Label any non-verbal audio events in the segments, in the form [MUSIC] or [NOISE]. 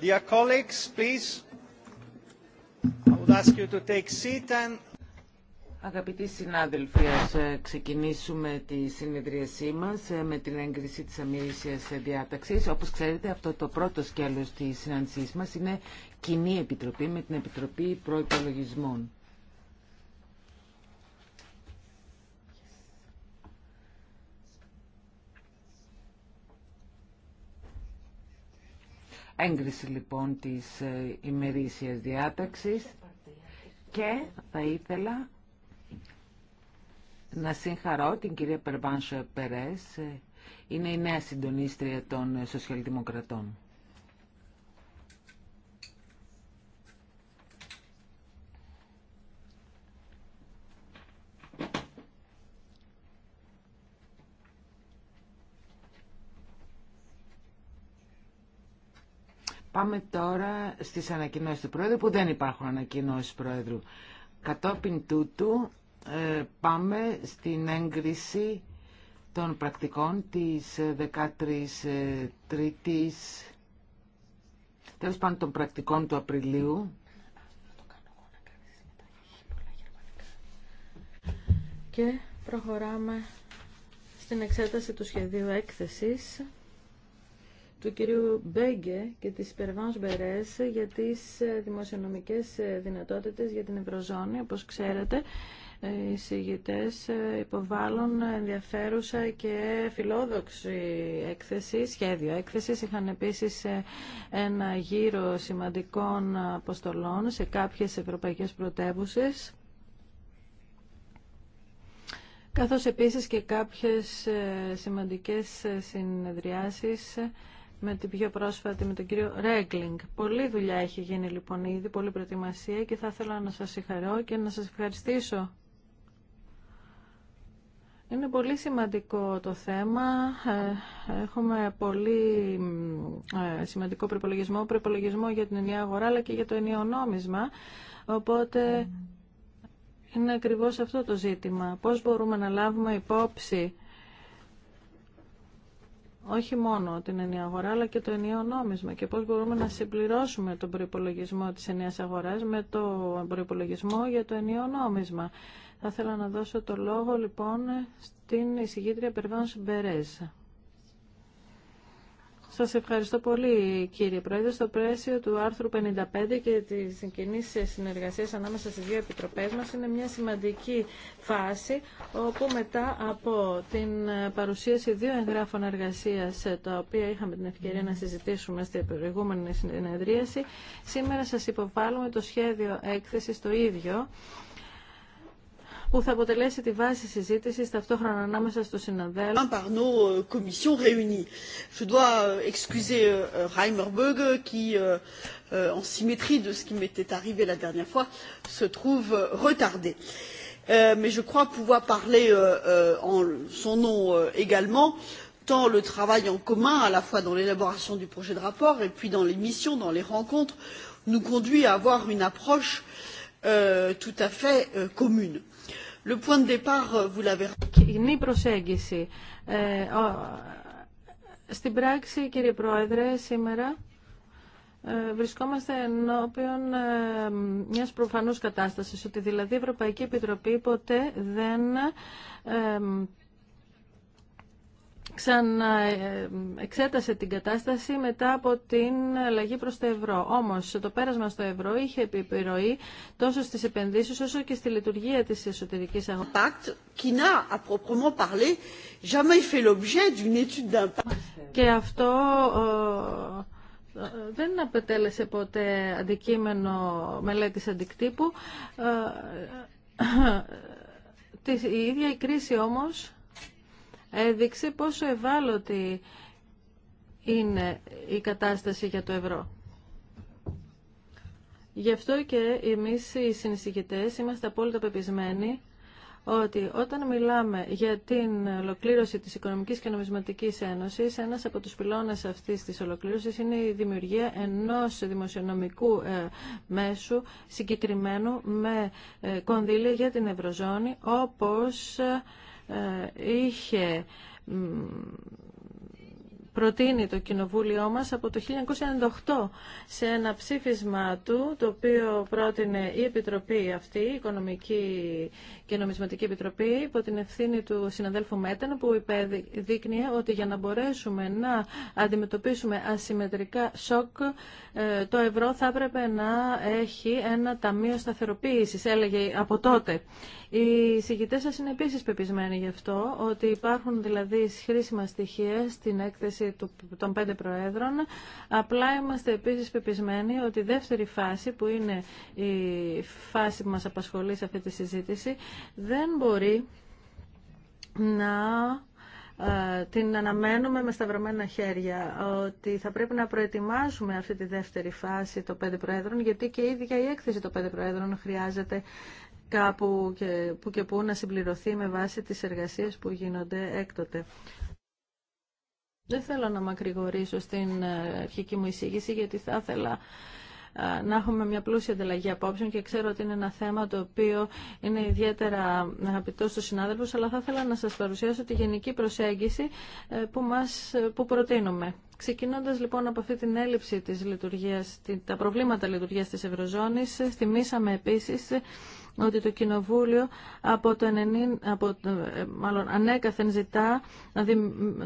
Dear Αγαπητοί συνάδελφοι, ας ε, ξεκινήσουμε τη συνεδρίασή μας ε, με την έγκριση της αμυρίσιας διάταξης. Όπως ξέρετε, αυτό το πρώτο σκέλος της συνάντησής μας είναι κοινή επιτροπή με την Επιτροπή Προϋπολογισμών. έγκριση λοιπόν της ε, ημερήσιας διάταξης και θα ήθελα να συγχαρώ την κυρία Περβάνσο Περές, ε, είναι η νέα συντονίστρια των ε, Σοσιαλδημοκρατών. Πάμε τώρα στις ανακοινώσεις του Πρόεδρου που δεν υπάρχουν ανακοινώσεις Πρόεδρου. Κατόπιν τούτου ε, πάμε στην έγκριση των πρακτικών της 13 ε, ε, Τρίτης, τέλος πάντων των πρακτικών του Απριλίου. Και προχωράμε στην εξέταση του σχεδίου έκθεσης του κυρίου Μπέγκε και της Περβάνς Μπερές για τις ε, δημοσιονομικές ε, δυνατότητες για την Ευρωζώνη. Όπως ξέρετε, ε, οι συγητές υποβάλλουν ενδιαφέρουσα και φιλόδοξη έκθεση, σχέδιο έκθεση. Είχαν επίσης ένα γύρο σημαντικών αποστολών σε κάποιες ευρωπαϊκές πρωτεύουσες καθώς επίσης και κάποιες σημαντικές συνεδριάσεις με την πιο πρόσφατη, με τον κύριο Ρέγκλινγκ. Πολλή δουλειά έχει γίνει λοιπόν ήδη, πολλή προετοιμασία και θα ήθελα να σας συγχαρώ και να σας ευχαριστήσω. Είναι πολύ σημαντικό το θέμα. Ε, έχουμε πολύ ε, σημαντικό προπολογισμό, προπολογισμό για την ενιαία αγορά αλλά και για το ενιαίο νόμισμα. Οπότε mm. είναι ακριβώς αυτό το ζήτημα. Πώς μπορούμε να λάβουμε υπόψη όχι μόνο την ενιαία αγορά αλλά και το ενιαίο νόμισμα και πώς μπορούμε να συμπληρώσουμε τον προϋπολογισμό της ενιαίας αγοράς με το προϋπολογισμό για το ενιαίο νόμισμα. Θα ήθελα να δώσω το λόγο λοιπόν στην εισηγήτρια Περβάνος Μπερέζα. Σας ευχαριστώ πολύ κύριε Πρόεδρε. Στο πλαίσιο του άρθρου 55 και τη κοινή συνεργασίας ανάμεσα στις δύο επιτροπές μας είναι μια σημαντική φάση όπου μετά από την παρουσίαση δύο εγγράφων εργασίας τα οποία είχαμε την ευκαιρία να συζητήσουμε στην προηγούμενη συνεδρίαση σήμερα σας υποβάλλουμε το σχέδιο έκθεσης το ίδιο που θα αποτελέσει τη βάση συζήτηση ταυτόχρονα ανάμεσα στους συναδέλφους. Par nos commissions réunies. Je dois excuser Reimerberg qui, en symétrie de ce qui m'était arrivé la dernière fois, se trouve retardé. Mais je crois pouvoir parler en son nom également tant le travail en commun à la fois dans l'élaboration du projet de rapport et puis dans les missions dans les rencontres nous conduit à avoir une approche tout à fait commune. Le point de départ, euh, vous l'avez... Κοινή προσέγγιση. Ε, στην πράξη, κύριε Πρόεδρε, σήμερα ε, βρισκόμαστε ενώπιον ε, μιας προφανούς κατάστασης, ότι δηλαδή η Ευρωπαϊκή Επιτροπή ποτέ δεν ξαναεξέτασε την κατάσταση μετά από την αλλαγή προς το ευρώ. Όμως το πέρασμα στο ευρώ είχε επιρροή τόσο στις επενδύσεις όσο και στη λειτουργία της εσωτερικής αγοράς. Και αυτό δεν απετέλεσε ποτέ αντικείμενο μελέτης αντικτύπου. Η ίδια η κρίση όμως έδειξε πόσο ευάλωτη είναι η κατάσταση για το ευρώ. Γι' αυτό και εμείς οι συνεισηγητές είμαστε απόλυτα πεπισμένοι ότι όταν μιλάμε για την ολοκλήρωση της Οικονομικής και Νομισματικής Ένωσης, ένας από τους πυλώνες αυτής της ολοκλήρωσης είναι η δημιουργία ενός δημοσιονομικού ε, μέσου συγκεκριμένου με ε, κονδύλια για την Ευρωζώνη, όπως ε, ε, είχε προτείνει το Κοινοβούλιο μας από το 1998 σε ένα ψήφισμα του, το οποίο πρότεινε η Επιτροπή αυτή, η Οικονομική και Νομισματική Επιτροπή, υπό την ευθύνη του συναδέλφου Μέτεν, που δείκνει ότι για να μπορέσουμε να αντιμετωπίσουμε ασυμμετρικά σοκ, ε, το ευρώ θα έπρεπε να έχει ένα ταμείο σταθεροποίησης, έλεγε από τότε. Οι συγκητές σας είναι επίσης πεπισμένοι γι' αυτό, ότι υπάρχουν δηλαδή χρήσιμα στοιχεία στην έκθεση των πέντε Προέδρων. Απλά είμαστε επίσης πεπισμένοι ότι η δεύτερη φάση, που είναι η φάση που μας απασχολεί σε αυτή τη συζήτηση, δεν μπορεί να ε, την αναμένουμε με σταυρωμένα χέρια ότι θα πρέπει να προετοιμάσουμε αυτή τη δεύτερη φάση των πέντε Προέδρων γιατί και η ίδια η έκθεση των πέντε Προέδρων χρειάζεται κάπου και, που και που να συμπληρωθεί με βάση τις εργασίες που γίνονται έκτοτε. Δεν θέλω να μακρηγορήσω στην ε, αρχική μου εισήγηση γιατί θα ήθελα ε, να έχουμε μια πλούσια ανταλλαγή απόψεων και ξέρω ότι είναι ένα θέμα το οποίο είναι ιδιαίτερα αγαπητό στους συνάδελφους αλλά θα ήθελα να σας παρουσιάσω τη γενική προσέγγιση ε, που, μας, που προτείνουμε. Ξεκινώντας λοιπόν από αυτή την έλλειψη της λειτουργίας, τα προβλήματα λειτουργίας της Ευρωζώνης, θυμήσαμε επίσης ότι το Κοινοβούλιο από το από, ε, μάλλον ανέκαθεν ζητά να,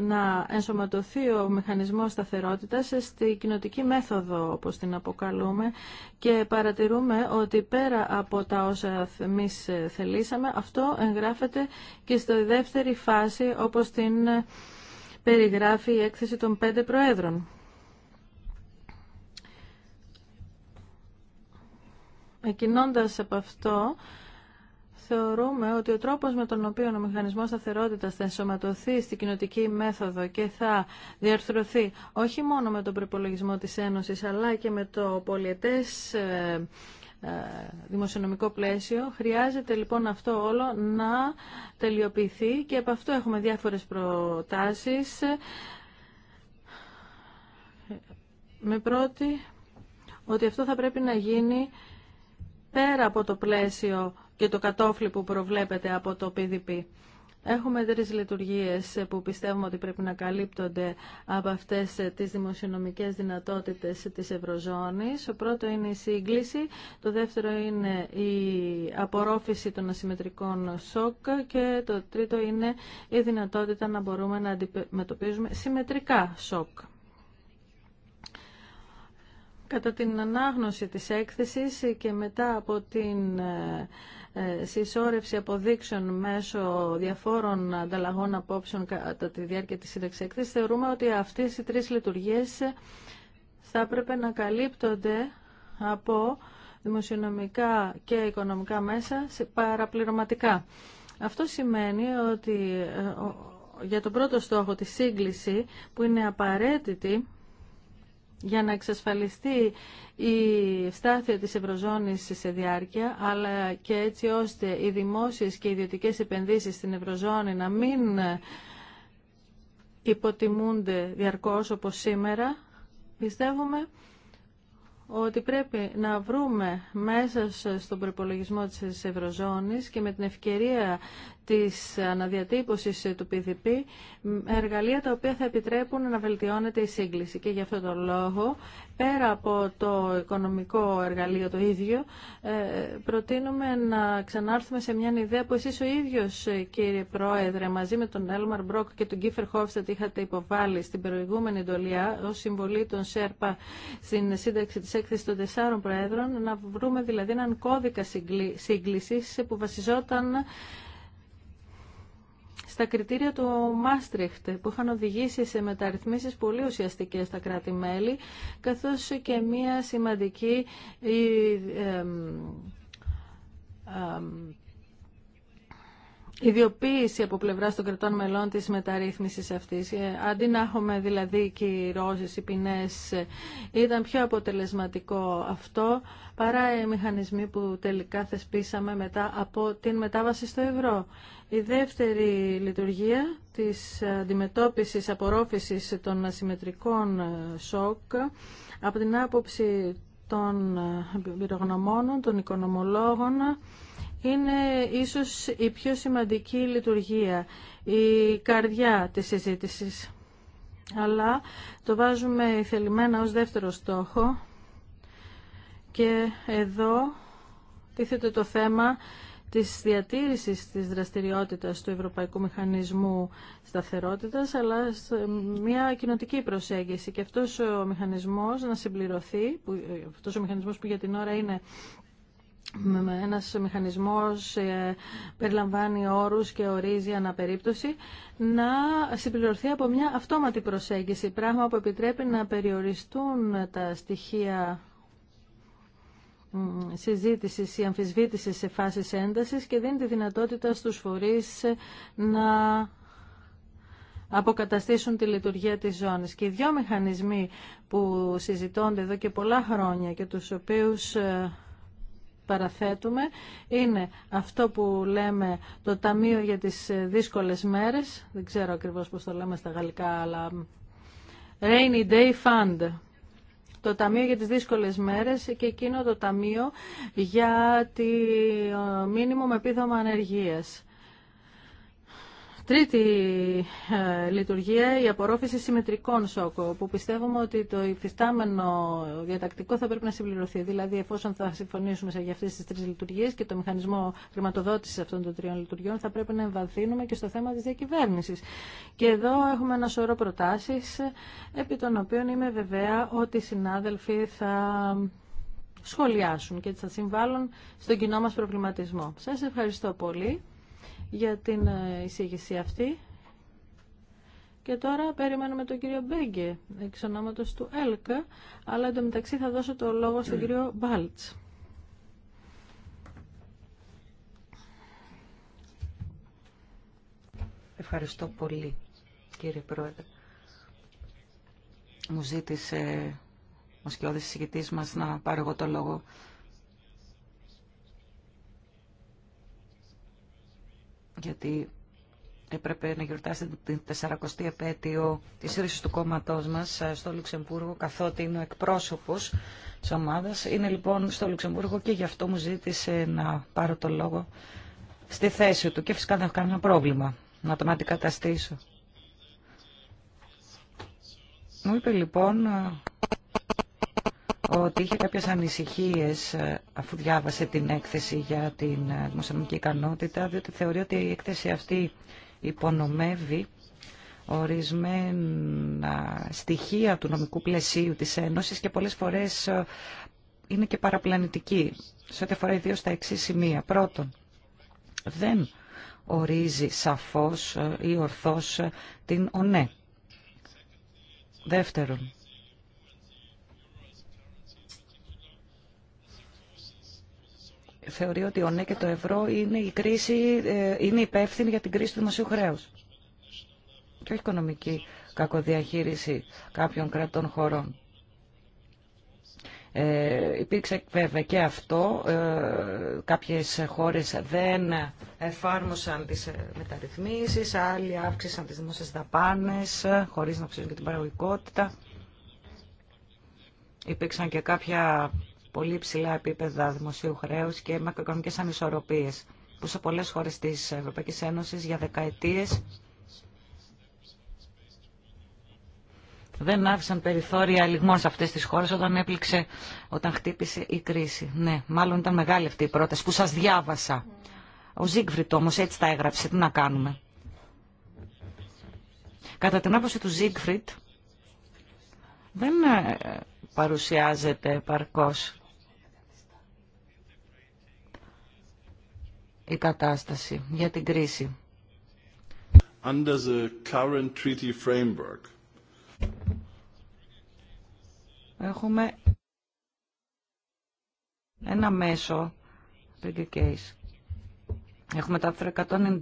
να ενσωματωθεί ο μηχανισμός σταθερότητας στη κοινοτική μέθοδο όπως την αποκαλούμε και παρατηρούμε ότι πέρα από τα όσα εμεί θελήσαμε αυτό εγγράφεται και στη δεύτερη φάση όπως την περιγράφει η έκθεση των πέντε προέδρων. Εκινώντας από αυτό, θεωρούμε ότι ο τρόπος με τον οποίο ο μηχανισμός σταθερότητας θα ενσωματωθεί στην κοινωτική μέθοδο και θα διαρθρωθεί όχι μόνο με τον προπολογισμό της Ένωσης αλλά και με το πολιετές ε, ε, δημοσιονομικό πλαίσιο. Χρειάζεται λοιπόν αυτό όλο να τελειοποιηθεί και από αυτό έχουμε διάφορες προτάσεις. Με πρώτη ότι αυτό θα πρέπει να γίνει πέρα από το πλαίσιο και το κατόφλι που προβλέπεται από το PDP. Έχουμε τρεις λειτουργίες που πιστεύουμε ότι πρέπει να καλύπτονται από αυτές τις δημοσιονομικές δυνατότητες της Ευρωζώνης. Ο πρώτο είναι η σύγκληση, το δεύτερο είναι η απορρόφηση των ασυμμετρικών σοκ και το τρίτο είναι η δυνατότητα να μπορούμε να αντιμετωπίζουμε συμμετρικά σοκ. Κατά την ανάγνωση της έκθεσης και μετά από την ε, ε, συσσόρευση αποδείξεων μέσω διαφόρων ανταλλαγών απόψεων κατά τη διάρκεια της σύνταξης έκθεσης, θεωρούμε ότι αυτές οι τρεις λειτουργίες θα έπρεπε να καλύπτονται από δημοσιονομικά και οικονομικά μέσα σε παραπληρωματικά. Αυτό σημαίνει ότι ε, για τον πρώτο στόχο, τη σύγκληση, που είναι απαραίτητη για να εξασφαλιστεί η στάθεια της Ευρωζώνης σε διάρκεια, αλλά και έτσι ώστε οι δημόσιες και ιδιωτικές επενδύσεις στην Ευρωζώνη να μην υποτιμούνται διαρκώς όπως σήμερα, πιστεύουμε ότι πρέπει να βρούμε μέσα στον προπολογισμό της Ευρωζώνης και με την ευκαιρία της αναδιατύπωσης του PDP εργαλεία τα οποία θα επιτρέπουν να βελτιώνεται η σύγκληση. Και γι' αυτό το λόγο, πέρα από το οικονομικό εργαλείο το ίδιο, ε, προτείνουμε να ξανάρθουμε σε μια ιδέα που εσείς ο ίδιος, κύριε Πρόεδρε, μαζί με τον Έλμαρ Μπρόκ και τον Κίφερ Χόφστατ είχατε υποβάλει στην προηγούμενη εντολία ως συμβολή των ΣΕΡΠΑ στην σύνταξη της έκθεσης των τεσσάρων Προέδρων, να βρούμε δηλαδή έναν κώδικα σύγκλησης που βασιζόταν τα κριτήρια του Μάστριχτ που είχαν οδηγήσει σε μεταρρυθμίσεις πολύ ουσιαστικές στα κράτη-μέλη καθώς και μια σημαντική ε, ε, ε, ιδιοποίηση από πλευρά των κρατών μελών της μεταρρύθμισης αυτής. Ε, αντί να έχουμε δηλαδή κυρώσεις ή ποινές, ε, ήταν πιο αποτελεσματικό αυτό παρά οι μηχανισμοί που τελικά θεσπίσαμε μετά από την μετάβαση στο ευρώ. Η δεύτερη λειτουργία της αντιμετώπισης απορρόφησης των ασυμμετρικών ε, σοκ από την άποψη των πυρογνωμόνων, των οικονομολόγων είναι ίσως η πιο σημαντική λειτουργία, η καρδιά της συζήτησης. Αλλά το βάζουμε θελημένα ως δεύτερο στόχο και εδώ τίθεται το θέμα της διατήρησης της δραστηριότητας του Ευρωπαϊκού Μηχανισμού Σταθερότητας, αλλά μια κοινοτική προσέγγιση. Και αυτός ο μηχανισμός να συμπληρωθεί, που, αυτός ο μηχανισμός που για την ώρα είναι ένας μηχανισμός ε, περιλαμβάνει όρους και ορίζει αναπερίπτωση να συμπληρωθεί από μια αυτόματη προσέγγιση, πράγμα που επιτρέπει να περιοριστούν τα στοιχεία συζήτησης ή αμφισβήτησης σε φάσεις έντασης και δίνει τη δυνατότητα στους φορείς να αποκαταστήσουν τη λειτουργία της ζώνης. Και οι δυο μηχανισμοί που συζητώνται εδώ και πολλά χρόνια και τους οποίους ε, παραθέτουμε είναι αυτό που λέμε το Ταμείο για τις ε, δύσκολες μέρες, δεν ξέρω ακριβώς πώς το λέμε στα γαλλικά, αλλά Rainy Day Fund το Ταμείο για τις δύσκολες μέρες και εκείνο το Ταμείο για τη μήνυμο με επίδομα ανεργίας. Τρίτη ε, λειτουργία, η απορρόφηση συμμετρικών σόκων, που πιστεύουμε ότι το υφιστάμενο διατακτικό θα πρέπει να συμπληρωθεί. Δηλαδή, εφόσον θα συμφωνήσουμε για αυτέ τι τρει λειτουργίε και το μηχανισμό χρηματοδότηση αυτών των τριών λειτουργιών, θα πρέπει να εμβαθύνουμε και στο θέμα τη διακυβέρνηση. Και εδώ έχουμε ένα σωρό προτάσει, επί των οποίων είμαι βεβαία ότι οι συνάδελφοι θα σχολιάσουν και θα συμβάλλουν στον κοινό μας προβληματισμό. Σας ευχαριστώ πολύ για την ε, εισήγηση αυτή. Και τώρα περιμένουμε τον κύριο Μπέγκε, εξ ονόματος του ΕΛΚΑ, αλλά μεταξύ θα δώσω το λόγο στον κύριο Μπάλτς. Ευχαριστώ πολύ, κύριε Πρόεδρε. Μου ζήτησε ο σκιώδης μας να πάρω εγώ το λόγο γιατί έπρεπε να γιορτάσετε την 40η επέτειο της ρίσης του κόμματός μας ε, στο Λουξεμβούργο, καθότι είναι ο εκπρόσωπος της ομάδας. Είναι λοιπόν στο Λουξεμβούργο και γι' αυτό μου ζήτησε να πάρω το λόγο στη θέση του και φυσικά δεν έχω κανένα πρόβλημα να τον αντικαταστήσω. Μου είπε λοιπόν ε, ότι είχε κάποιες ανησυχίες ε, αφού διάβασε την έκθεση για την ε, δημοσιονομική ικανότητα, διότι θεωρεί ότι η έκθεση αυτή υπονομεύει ορισμένα στοιχεία του νομικού πλαισίου της Ένωσης και πολλές φορές ε, είναι και παραπλανητική, σε ό,τι αφορά ιδίως τα εξή σημεία. Πρώτον, δεν ορίζει σαφώς ή ορθώς την ΟΝΕ. Δεύτερον, θεωρεί ότι ο ΝΕ ναι και το ευρώ είναι, η κρίση, ε, είναι υπεύθυνοι για την κρίση του δημοσίου χρέους και όχι οικονομική κακοδιαχείριση κάποιων κρατών χωρών. Ε, υπήρξε βέβαια και αυτό. Ε, κάποιες χώρες δεν εφάρμοσαν τις ε, μεταρρυθμίσεις, άλλοι αύξησαν τις δημόσιες δαπάνες ε, χωρίς να αυξήσουν και την παραγωγικότητα. Υπήρξαν και κάποια πολύ υψηλά επίπεδα δημοσίου χρέου και μακροοικονομικέ ανισορροπίε που σε πολλές χώρες της Ευρωπαϊκής Ένωσης για δεκαετίες δεν άφησαν περιθώρια λιγμών σε αυτές τις χώρες όταν έπληξε, όταν χτύπησε η κρίση. Ναι, μάλλον ήταν μεγάλη αυτή η πρόταση που σας διάβασα. Ο Ζίγκφριτ όμως έτσι τα έγραψε, τι να κάνουμε. Κατά την άποψη του Ζίγκφριτ δεν ε, παρουσιάζεται παρκώς η κατάσταση για την κρίση. Under the current treaty framework. Έχουμε ένα μέσο, case. Έχουμε τα άρθρο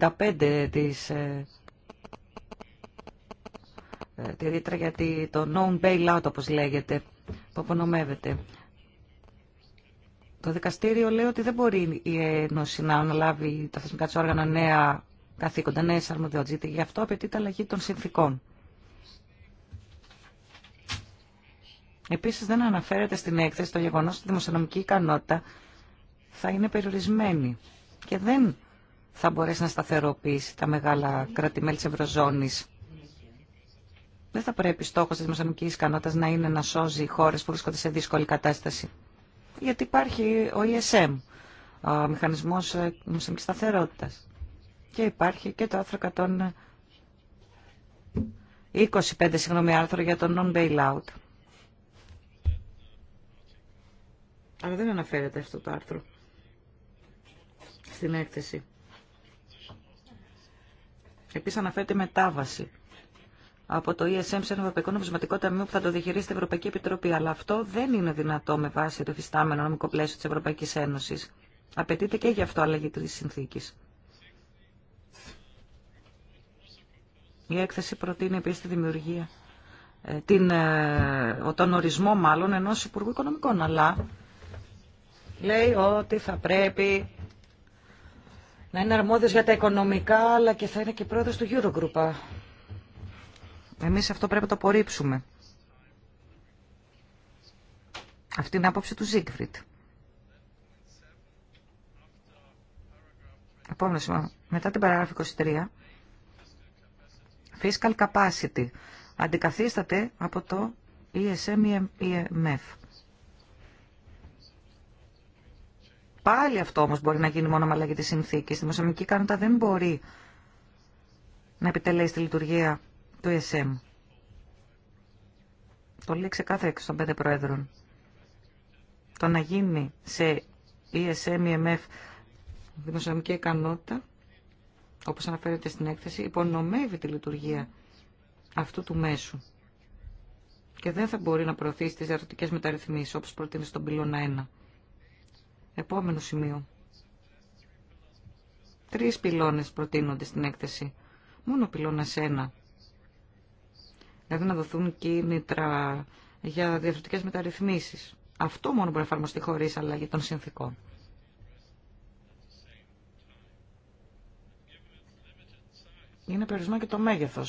195 της ε, ε, τη ρήτρα για το known bailout όπως λέγεται, που απονομεύεται. Το δικαστήριο λέει ότι δεν μπορεί η Ένωση να αναλάβει τα θεσμικά τη όργανα νέα καθήκοντα, νέε αρμοδιότητε. Γι' αυτό απαιτείται αλλαγή των συνθήκων. Επίση, δεν αναφέρεται στην έκθεση το γεγονό ότι η δημοσιονομική ικανότητα θα είναι περιορισμένη και δεν θα μπορέσει να σταθεροποιήσει τα μεγάλα κράτη-μέλη της Δεν θα πρέπει στόχο τη δημοσιονομική ικανότητα να είναι να σώζει χώρε που βρίσκονται σε δύσκολη κατάσταση γιατί υπάρχει ο ESM, ο Μηχανισμός ε, Μουσικής Σταθερότητας. Και υπάρχει και το άρθρο 125, συγγνώμη, άρθρο για το non-bailout. Αλλά δεν αναφέρεται αυτό το άρθρο στην έκθεση. Επίσης αναφέρεται μετάβαση από το ESM σε ένα Ευρωπαϊκό Νομισματικό Ταμείο που θα το διαχειρίσει η Ευρωπαϊκή Επιτροπή. Αλλά αυτό δεν είναι δυνατό με βάση το εφιστάμενο νομικό πλαίσιο τη Ευρωπαϊκή Ένωση. Απαιτείται και γι' αυτό αλλαγή τη συνθήκη. Η έκθεση προτείνει επίση τη δημιουργία, ε, την, ε, τον ορισμό μάλλον ενό Υπουργού Οικονομικών. Αλλά λέει ότι θα πρέπει να είναι αρμόδιο για τα οικονομικά, αλλά και θα είναι και πρόεδρος του Eurogroup. Εμείς αυτό πρέπει να το απορρίψουμε. Αυτή είναι η άποψη του Ζίγκφριτ. Επόμενο Μετά την παράγραφη 23, fiscal capacity αντικαθίσταται από το ESM EMF. E Πάλι αυτό όμως μπορεί να γίνει μόνο με αλλαγή της συνθήκης. Η δημοσιονομική κάνοτητα δεν μπορεί να επιτελέσει τη λειτουργία το ESM. Το λέει ξεκάθαρα και στον πέντε πρόεδρων. Το να γίνει σε ESM, EMF, δημοσιονομική ικανότητα, όπως αναφέρεται στην έκθεση, υπονομεύει τη λειτουργία αυτού του μέσου και δεν θα μπορεί να προωθήσει τις ερωτικές μεταρρυθμίσεις, όπως προτείνει στον πυλώνα 1. Επόμενο σημείο. Τρεις πυλώνες προτείνονται στην έκθεση. Μόνο πυλώνας 1 δηλαδή να δοθούν κίνητρα για διαφορετικέ μεταρρυθμίσεις. Αυτό μόνο μπορεί να εφαρμοστεί χωρίς αλλαγή των συνθήκων. Είναι περιορισμό και το μέγεθο.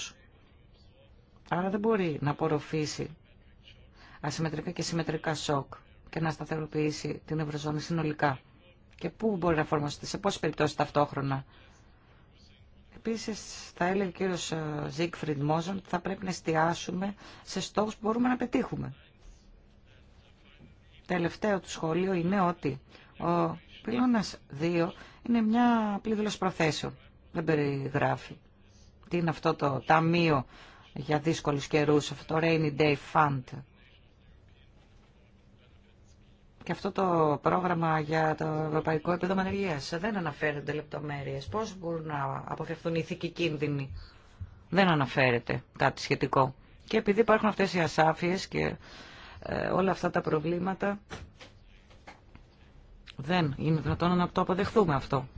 Άρα δεν μπορεί να απορροφήσει ασυμμετρικά και συμμετρικά σοκ και να σταθεροποιήσει την Ευρωζώνη συνολικά. Και πού μπορεί να εφαρμοστεί, σε πόσε περιπτώσει ταυτόχρονα. Επίση θα έλεγε ο κύριο Ζίγκφριντ Μόζον ότι θα πρέπει να εστιάσουμε σε στόχου που μπορούμε να πετύχουμε. Τελευταίο του σχολείο είναι ότι ο πυλώνα 2 είναι μια απλή προθέσεων. Δεν περιγράφει. Τι είναι αυτό το ταμείο για δύσκολους καιρούς, αυτό το Rainy Day Fund και αυτό το πρόγραμμα για το ευρωπαϊκό επίδομα δεν αναφέρεται λεπτομέρειε. Πώ μπορούν να αποφευθούν οι ηθικοί κίνδυνοι. Δεν αναφέρεται κάτι σχετικό. Και επειδή υπάρχουν αυτέ οι ασάφειε και ε, όλα αυτά τα προβλήματα, δεν είναι δυνατόν να το αποδεχθούμε αυτό.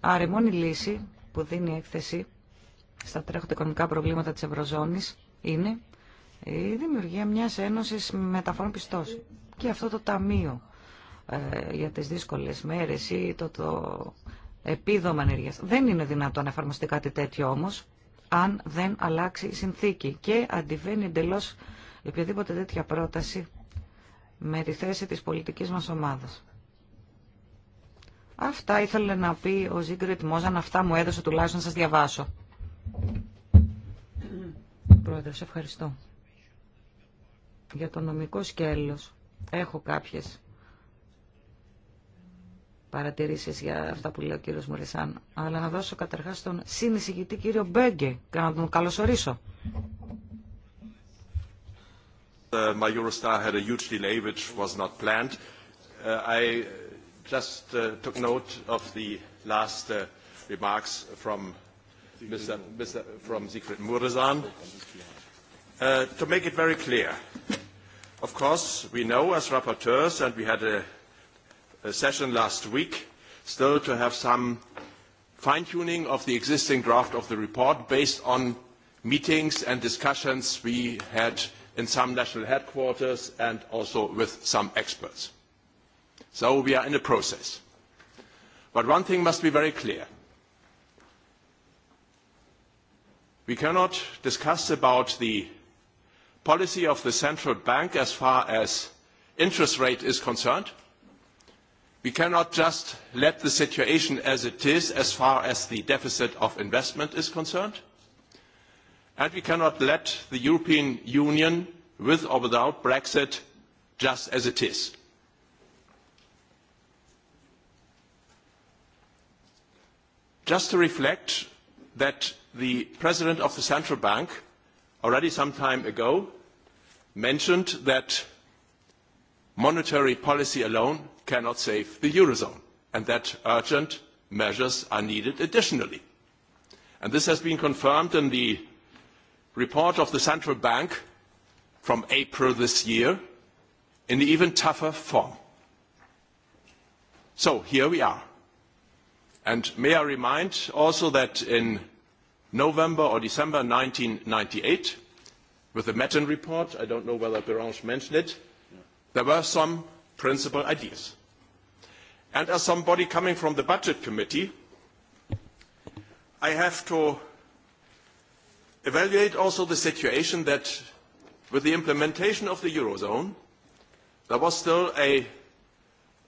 Άρα η μόνη λύση που δίνει η έκθεση στα τρέχοντα οικονομικά προβλήματα τη Ευρωζώνης είναι η δημιουργία μιας ένωσης μεταφορών πιστώσεων και αυτό το ταμείο ε, για τις δύσκολες μέρες ή το, το επίδομα ενεργείας. Δεν είναι δυνατόν να εφαρμοστεί κάτι τέτοιο όμως, αν δεν αλλάξει η συνθήκη και αντιβαίνει εντελώ οποιαδήποτε τέτοια πρόταση με τη θέση της πολιτικής μας ομάδας. Αυτά ήθελε να πει ο Ζίγκριτ Μόζαν, αυτά μου έδωσε τουλάχιστον να σας διαβάσω. Πρόεδρος, ευχαριστώ. Για το νομικό σκέλος Έχω κάποιες παρατηρήσεις για αυτά που λέει ο κύριος Μουρισάν, αλλά να δώσω καταρχάς τον συνεισηγητή κύριο Μπέγκε και να τον καλωσορίσω. Uh, my Eurostar had a huge delay which was not planned. Uh, I just uh, took note of the last uh, remarks from Mr. Mr. from Siegfried Muresan. Uh, to make it very clear, Of course, we know as rapporteurs, and we had a session last week, still to have some fine-tuning of the existing draft of the report based on meetings and discussions we had in some national headquarters and also with some experts. So we are in a process. But one thing must be very clear. We cannot discuss about the policy of the central bank as far as interest rate is concerned. We cannot just let the situation as it is as far as the deficit of investment is concerned. And we cannot let the European Union, with or without Brexit, just as it is. Just to reflect that the President of the Central Bank already some time ago mentioned that monetary policy alone cannot save the eurozone and that urgent measures are needed additionally. And this has been confirmed in the report of the Central Bank from April this year in an even tougher form. So here we are. And may I remind also that in November or December 1998, with the Metten report, I don't know whether Berange mentioned it, there were some principal ideas. And as somebody coming from the Budget Committee, I have to evaluate also the situation that with the implementation of the Eurozone, there was still a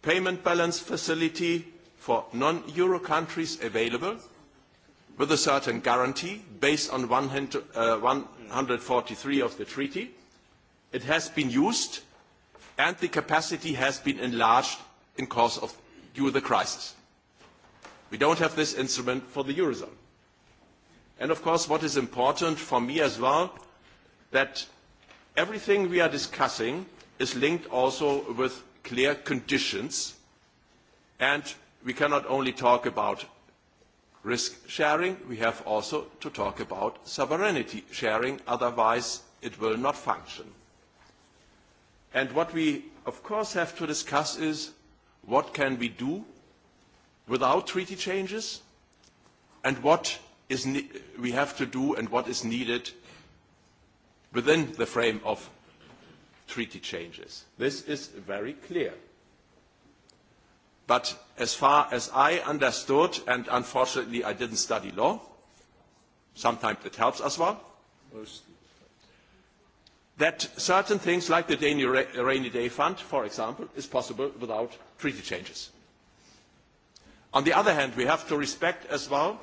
payment balance facility for non-Euro countries available with a certain guarantee based on 143 of the treaty. It has been used and the capacity has been enlarged in course of due to the crisis. We don't have this instrument for the Eurozone. And of course what is important for me as well, that everything we are discussing is linked also with clear conditions and we cannot only talk about risk sharing, we have also to talk about sovereignty sharing, otherwise it will not function. And what we, of course, have to discuss is what can we do without treaty changes and what is we have to do and what is needed within the frame of treaty changes. This is very clear. But as far as I understood, and unfortunately I didn't study law, sometimes it helps as well, that certain things like the Rainy Day Fund, for example, is possible without treaty changes. On the other hand, we have to respect as well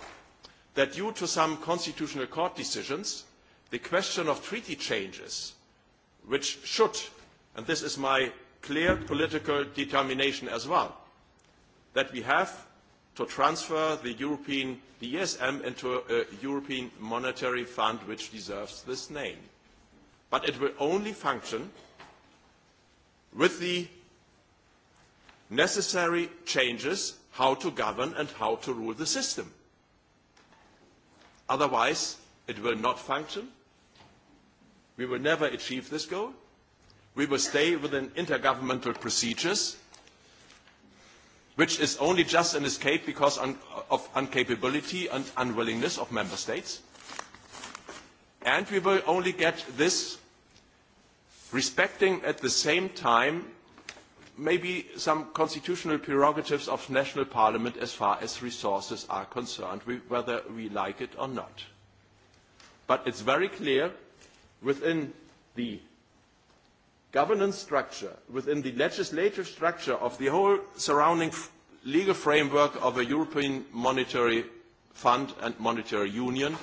that due to some constitutional court decisions, the question of treaty changes, which should, and this is my clear political determination as well, that we have to transfer the European DSM ESM into a European Monetary Fund which deserves this name. But it will only function with the necessary changes how to govern and how to rule the system. Otherwise it will not function. We will never achieve this goal. We will stay within intergovernmental procedures which is only just an escape because of incapability and unwillingness of member states. And we will only get this respecting at the same time maybe some constitutional prerogatives of national parliament as far as resources are concerned, whether we like it or not. But it's very clear within the governance structure, within the legislative structure of the whole surrounding legal framework of a European monetary fund and monetary union,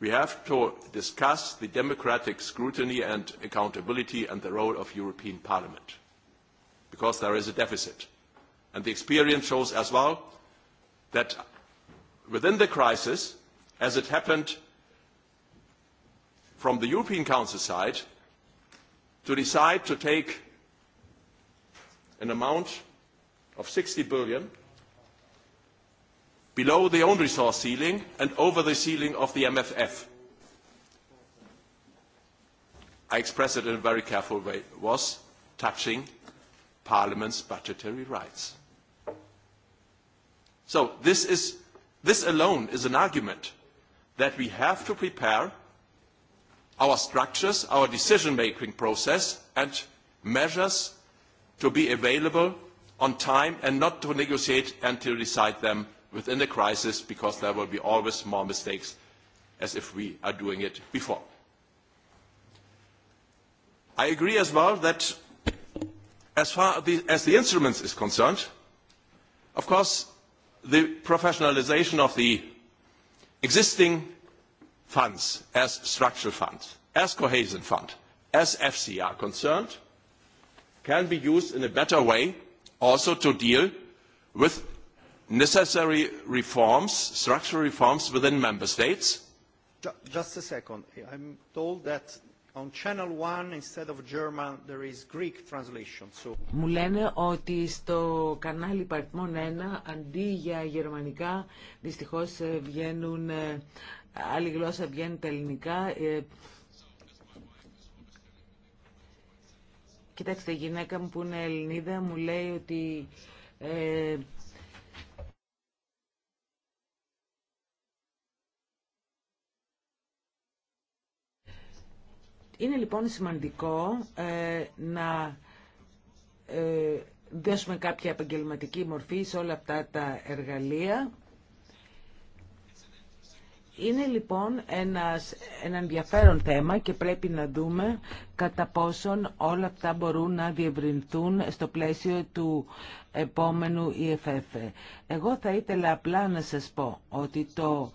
we have to discuss the democratic scrutiny and accountability and the role of European Parliament, because there is a deficit. And the experience shows as well that within the crisis, as it happened from the European Council side, to decide to take an amount of 60 billion below the own resource ceiling and over the ceiling of the MFF. I express it in a very careful way, was touching Parliament's budgetary rights. So this alone is an argument that we have to prepare our structures, our decision-making process, and measures to be available on time and not to negotiate and to decide them within the crisis because there will be always more mistakes as if we are doing it before. I agree as well that as far as the instruments is concerned, of course, the professionalization of the existing funds as structural funds, as cohesion fund, as FC are concerned, can be used in a better way also to deal with necessary reforms, structural reforms within member states. Just a second. I'm told that on channel one instead of German there is Greek translation. So... Μου λένε ότι στο κανάλι παριθμών 1 αντί για γερμανικά δυστυχώς βγαίνουν άλλη γλώσσα βγαίνει τα ελληνικά. Ε, κοιτάξτε, η γυναίκα μου που είναι Ελληνίδα μου λέει ότι ε, Είναι λοιπόν σημαντικό ε, να δώσουμε κάποια επαγγελματική μορφή σε όλα αυτά τα εργαλεία είναι λοιπόν ένας, ένα ενδιαφέρον θέμα και πρέπει να δούμε κατά πόσον όλα αυτά μπορούν να διευρυνθούν στο πλαίσιο του επόμενου EFF. Εγώ θα ήθελα απλά να σας πω ότι το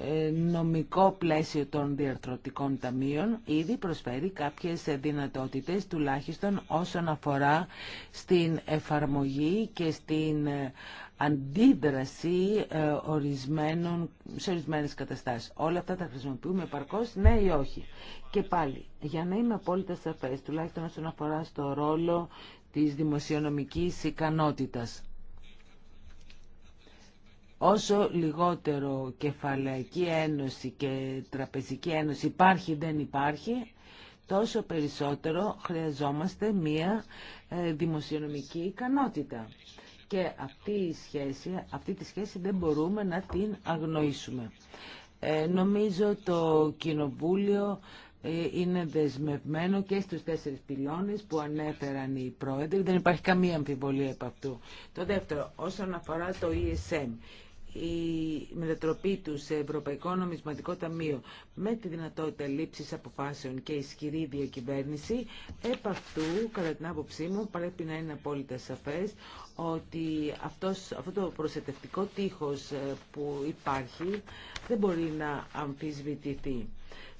ε, νομικό πλαίσιο των διαρθρωτικών ταμείων ήδη προσφέρει κάποιες δυνατότητες τουλάχιστον όσον αφορά στην εφαρμογή και στην ε, αντίδραση ε, ορισμένων, σε ορισμένες καταστάσεις. Όλα αυτά τα χρησιμοποιούμε παρκώς, ναι ή όχι. Και πάλι, για να είμαι απόλυτα σαφές, τουλάχιστον όσον αφορά στο ρόλο της δημοσιονομικής ικανότητας. Όσο λιγότερο κεφαλαϊκή ένωση και τραπεζική ένωση υπάρχει ή δεν υπάρχει, τόσο περισσότερο χρειαζόμαστε μία ε, δημοσιονομική ικανότητα. Και αυτή, η σχέση, αυτή τη σχέση δεν μπορούμε να την αγνοήσουμε. Ε, νομίζω το Κοινοβούλιο ε, είναι δεσμευμένο και στους τέσσερις πυλώνες που ανέφεραν οι πρόεδροι. Δεν υπάρχει καμία αμφιβολία από αυτού. Το δεύτερο, όσον αφορά το ESM, η μετατροπή του σε Ευρωπαϊκό Νομισματικό Ταμείο με τη δυνατότητα λήψης αποφάσεων και ισχυρή διακυβέρνηση, επ' αυτού, κατά την άποψή μου, πρέπει να είναι απόλυτα σαφές ότι αυτός, αυτό το προσετευτικό τείχος ε, που υπάρχει δεν μπορεί να αμφισβητηθεί.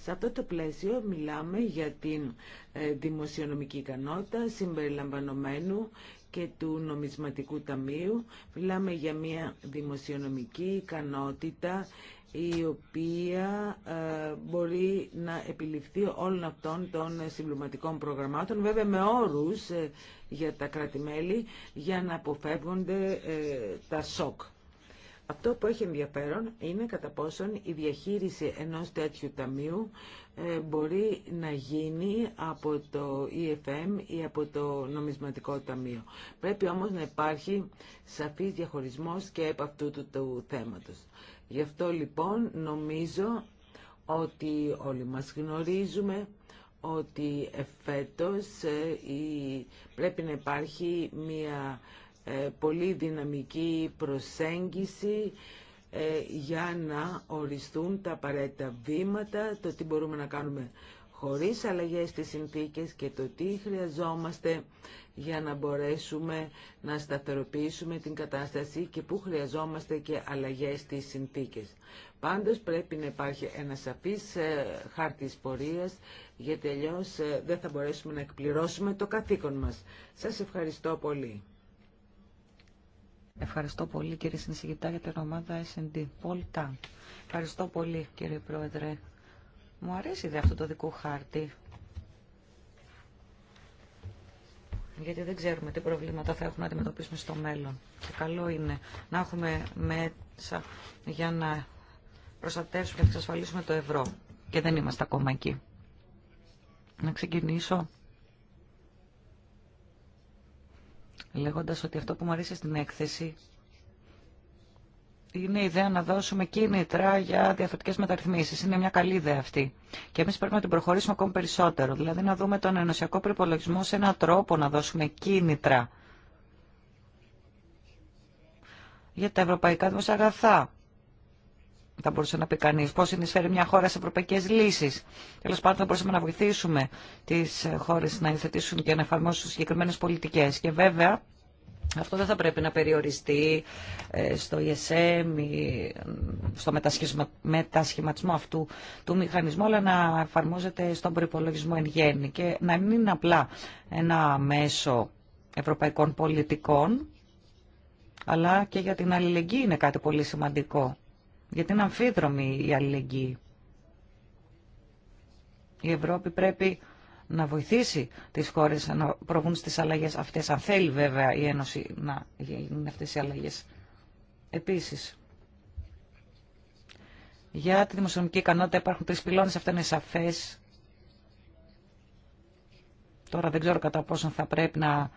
Σε αυτό το πλαίσιο μιλάμε για την ε, δημοσιονομική ικανότητα συμπεριλαμβανομένου και του νομισματικού ταμείου. Μιλάμε για μια δημοσιονομική ικανότητα η οποία ε, μπορεί να επιληφθεί όλων αυτών των συμπληρωματικών προγραμμάτων, βέβαια με όρους ε, για τα κράτη-μέλη, για να αποφεύγονται ε, τα σοκ. Αυτό που έχει ενδιαφέρον είναι κατά πόσον η διαχείριση ενός τέτοιου ταμείου ε, μπορεί να γίνει από το EFM ή από το νομισματικό ταμείο. Πρέπει όμως να υπάρχει σαφής διαχωρισμός και από αυτού του, του θέματος. Γι' αυτό λοιπόν νομίζω ότι όλοι μας γνωρίζουμε ότι εφέτος ε, πρέπει να υπάρχει μια ε, πολύ δυναμική προσέγγιση ε, για να οριστούν τα απαραίτητα βήματα, το τι μπορούμε να κάνουμε χωρίς αλλαγές στις συνθήκες και το τι χρειαζόμαστε για να μπορέσουμε να σταθεροποιήσουμε την κατάσταση και πού χρειαζόμαστε και αλλαγές στις συνθήκες. Πάντως πρέπει να υπάρχει ένα σαφής ε, χάρτης πορείας, γιατί αλλιώς δεν θα μπορέσουμε να εκπληρώσουμε το καθήκον μας. Σας ευχαριστώ πολύ. Ευχαριστώ πολύ κύριε Συνσηγητά για την ομάδα S&D. Πολ Ευχαριστώ πολύ κύριε Πρόεδρε. Μου αρέσει δε αυτό το δικό χάρτη. Γιατί δεν ξέρουμε τι προβλήματα θα έχουμε να αντιμετωπίσουμε στο μέλλον. Και καλό είναι να έχουμε μέσα για να προστατεύσουμε και να εξασφαλίσουμε το ευρώ. Και δεν είμαστε ακόμα εκεί. Να ξεκινήσω λέγοντας ότι αυτό που μου αρέσει στην έκθεση είναι η ιδέα να δώσουμε κίνητρα για διαφορετικές μεταρρυθμίσεις. Είναι μια καλή ιδέα αυτή. Και εμείς πρέπει να την προχωρήσουμε ακόμη περισσότερο. Δηλαδή να δούμε τον ενωσιακό προπολογισμό σε έναν τρόπο να δώσουμε κίνητρα για τα ευρωπαϊκά δημοσιογραφά θα μπορούσε να πει κανεί. Πώ συνεισφέρει μια χώρα σε ευρωπαϊκέ λύσει. Τέλο πάντων, θα μπορούσαμε να βοηθήσουμε τι χώρε να υιοθετήσουν και να εφαρμόσουν συγκεκριμένε πολιτικέ. Και βέβαια, αυτό δεν θα πρέπει να περιοριστεί ε, στο ESM ή στο μετασχηματισμό αυτού του μηχανισμού, αλλά να εφαρμόζεται στον προπολογισμό εν γέννη και να μην είναι απλά ένα μέσο ευρωπαϊκών πολιτικών, αλλά και για την αλληλεγγύη είναι κάτι πολύ σημαντικό. Γιατί είναι αμφίδρομη η αλληλεγγύη. Η Ευρώπη πρέπει να βοηθήσει τις χώρες να προβούν στις αλλαγές αυτές, αν θέλει βέβαια η Ένωση να γίνουν αυτές οι αλλαγές. Επίσης, για τη δημοσιονομική ικανότητα υπάρχουν τρεις πυλώνες, αυτά είναι σαφές. Τώρα δεν ξέρω κατά πόσον θα πρέπει να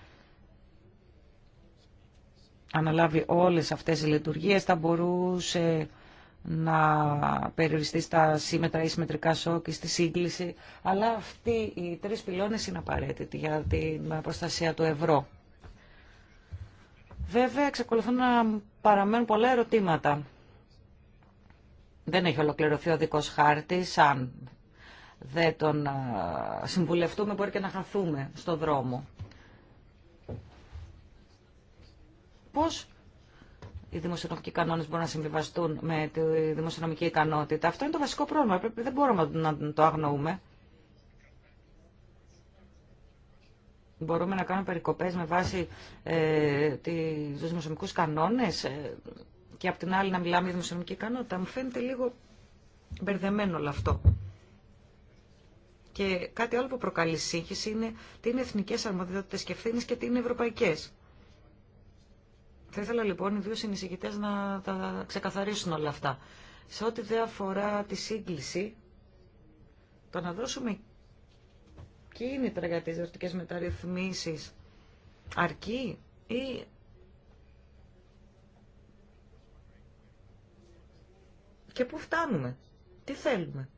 αναλάβει όλες αυτές οι λειτουργίες, θα μπορούσε να περιοριστεί στα σύμμετρα ή συμμετρικά σοκ ή στη σύγκληση, αλλά αυτοί οι τρεις πυλώνες είναι απαραίτητοι για την προστασία του ευρώ. Βέβαια, εξακολουθούν να παραμένουν πολλά ερωτήματα. Δεν έχει ολοκληρωθεί ο δικός χάρτης, αν δεν τον συμβουλευτούμε μπορεί και να χαθούμε στο δρόμο. Πώς οι δημοσιονομικοί κανόνε μπορούν να συμβιβαστούν με τη δημοσιονομική ικανότητα. Αυτό είναι το βασικό πρόβλημα. Δεν μπορούμε να το αγνοούμε. Μπορούμε να κάνουμε περικοπές με βάση ε, του δημοσιονομικού κανόνε ε, και από την άλλη να μιλάμε για δημοσιονομική ικανότητα. Μου φαίνεται λίγο μπερδεμένο όλο αυτό. Και κάτι άλλο που προκαλεί σύγχυση είναι τι είναι εθνικέ αρμοδιότητε και ευθύνε και τι είναι ευρωπαϊκέ. Θα ήθελα λοιπόν οι δύο συνεισηγητέ να τα ξεκαθαρίσουν όλα αυτά. Σε ό,τι δεν αφορά τη σύγκληση, το να δώσουμε κίνητρα για τις διορτικές μεταρρυθμίσεις αρκεί ή και πού φτάνουμε, τι θέλουμε.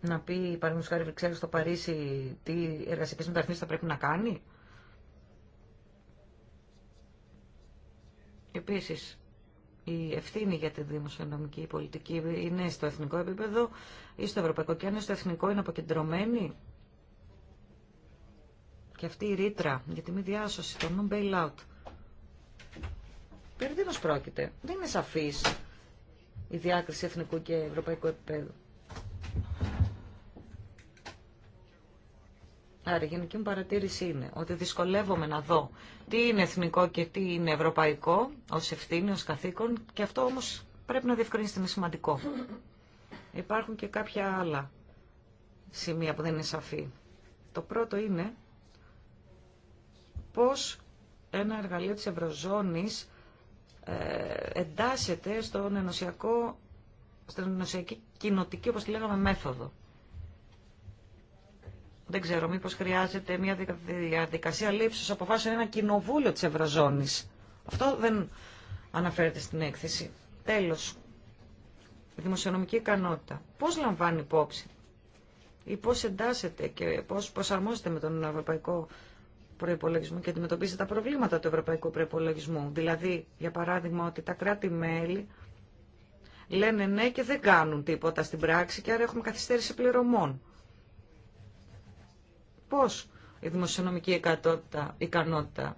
Να πει, παραδείγματο χάρη, ξέρει στο Παρίσι τι εργασιακές μεταρρυθμίσει θα πρέπει να κάνει. Επίσης, η ευθύνη για τη δημοσιονομική πολιτική είναι στο εθνικό επίπεδο ή στο ευρωπαϊκό. Και αν είναι στο εθνικό είναι αποκεντρωμένη. Και αυτή η ρήτρα για τη μη διάσωση, το non-bailout. Περί πρόκειται. Δεν είναι σαφής η διάκριση εθνικού και ευρωπαϊκού επίπεδου. Άρα η γενική μου παρατήρηση είναι ότι δυσκολεύομαι να δω τι είναι εθνικό και τι είναι ευρωπαϊκό ως ευθύνη, ω καθήκον και αυτό όμως πρέπει να διευκρινίσετε, είναι σημαντικό. Υπάρχουν και κάποια άλλα σημεία που δεν είναι σαφή. Το πρώτο είναι πώς ένα εργαλείο της Ευρωζώνης ε, εντάσσεται στον ενωσιακό, στην ενωσιακή κοινοτική, όπως λέγαμε, μέθοδο. Δεν ξέρω, μήπω χρειάζεται μια διαδικασία λήψης αποφάσεων ένα κοινοβούλιο τη Ευρωζώνη. Αυτό δεν αναφέρεται στην έκθεση. Τέλο, η δημοσιονομική ικανότητα. πώ λαμβάνει υπόψη ή πώ εντάσσεται και πώ προσαρμόζεται με τον ευρωπαϊκό προπολογισμό και αντιμετωπίζει τα προβλήματα του ευρωπαϊκού προπολογισμού. Δηλαδή, για παράδειγμα, ότι τα κράτη-μέλη λένε ναι και δεν κάνουν τίποτα στην πράξη και άρα έχουμε καθυστέρηση πληρωμών πώς η δημοσιονομική ικανότητα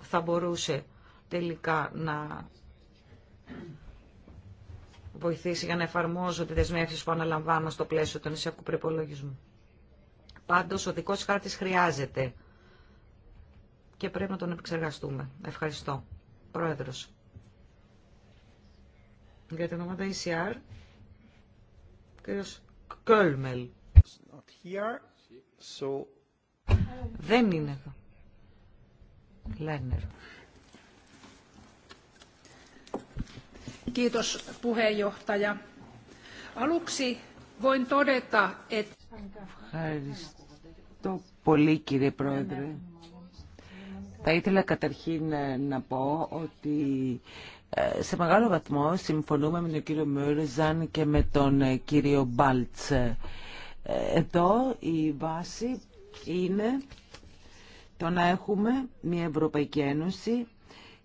θα μπορούσε τελικά να βοηθήσει για να εφαρμόζονται οι δεσμεύσεις που αναλαμβάνω στο πλαίσιο του νησιακού προπολογισμού. Πάντως, ο δικός χάρτης χρειάζεται και πρέπει να τον επεξεργαστούμε. Ευχαριστώ. Πρόεδρος. Για την ομάδα ECR, κύριος Κόλμελ. Δεν είναι εδώ. Λένερ. Kiitos puheenjohtaja. Aluksi voin todeta, että... Ευχαριστώ πολύ κύριε Πρόεδρε. Θα ήθελα καταρχήν ε, να πω ότι ε, σε μεγάλο βαθμό συμφωνούμε με τον κύριο Μιούρζαν και με τον ε, κύριο Μπάλτσε. Εδώ η βάση είναι το να έχουμε μια Ευρωπαϊκή Ένωση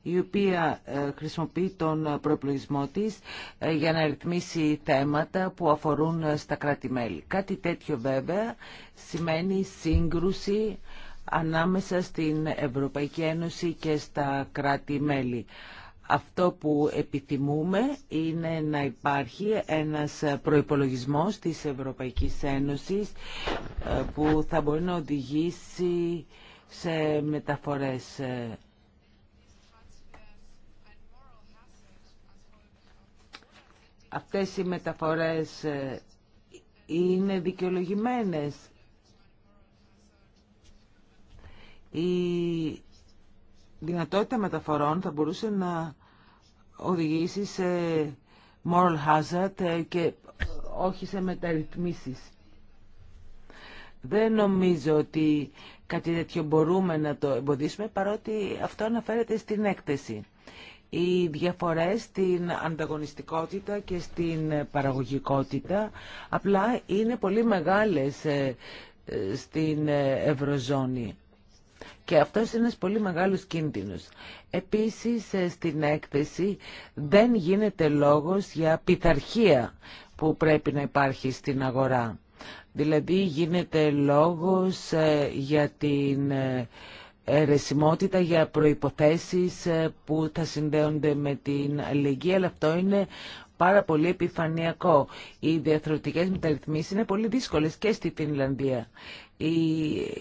η οποία ε, χρησιμοποιεί τον προεπλογισμό της ε, για να ρυθμίσει θέματα που αφορούν ε, στα κράτη-μέλη. Κάτι τέτοιο βέβαια σημαίνει σύγκρουση ανάμεσα στην Ευρωπαϊκή Ένωση και στα κράτη-μέλη. Αυτό που επιθυμούμε είναι να υπάρχει ένας προϋπολογισμός της Ευρωπαϊκής Ένωσης ε, που θα μπορεί να οδηγήσει σε μεταφορές ε, Αυτές οι μεταφορές ε, είναι δικαιολογημένες. Η δυνατότητα μεταφορών θα μπορούσε να οδηγήσει σε moral hazard ε, και όχι σε μεταρρυθμίσεις. Δεν νομίζω ότι κάτι τέτοιο μπορούμε να το εμποδίσουμε, παρότι αυτό αναφέρεται στην έκθεση. Οι διαφορές στην ανταγωνιστικότητα και στην παραγωγικότητα απλά είναι πολύ μεγάλες ε, ε, στην Ευρωζώνη. Και αυτός είναι ένας πολύ μεγάλος κίνδυνος. Επίσης, ε, στην έκθεση δεν γίνεται λόγος για πειθαρχία που πρέπει να υπάρχει στην αγορά. Δηλαδή, γίνεται λόγος ε, για την ε, ρεσιμότητα για προϋποθέσεις που θα συνδέονται με την αλληλεγγύη, αλλά αυτό είναι πάρα πολύ επιφανειακό. Οι διαθροτικές μεταρρυθμίσεις είναι πολύ δύσκολες και στη Φινλανδία. Η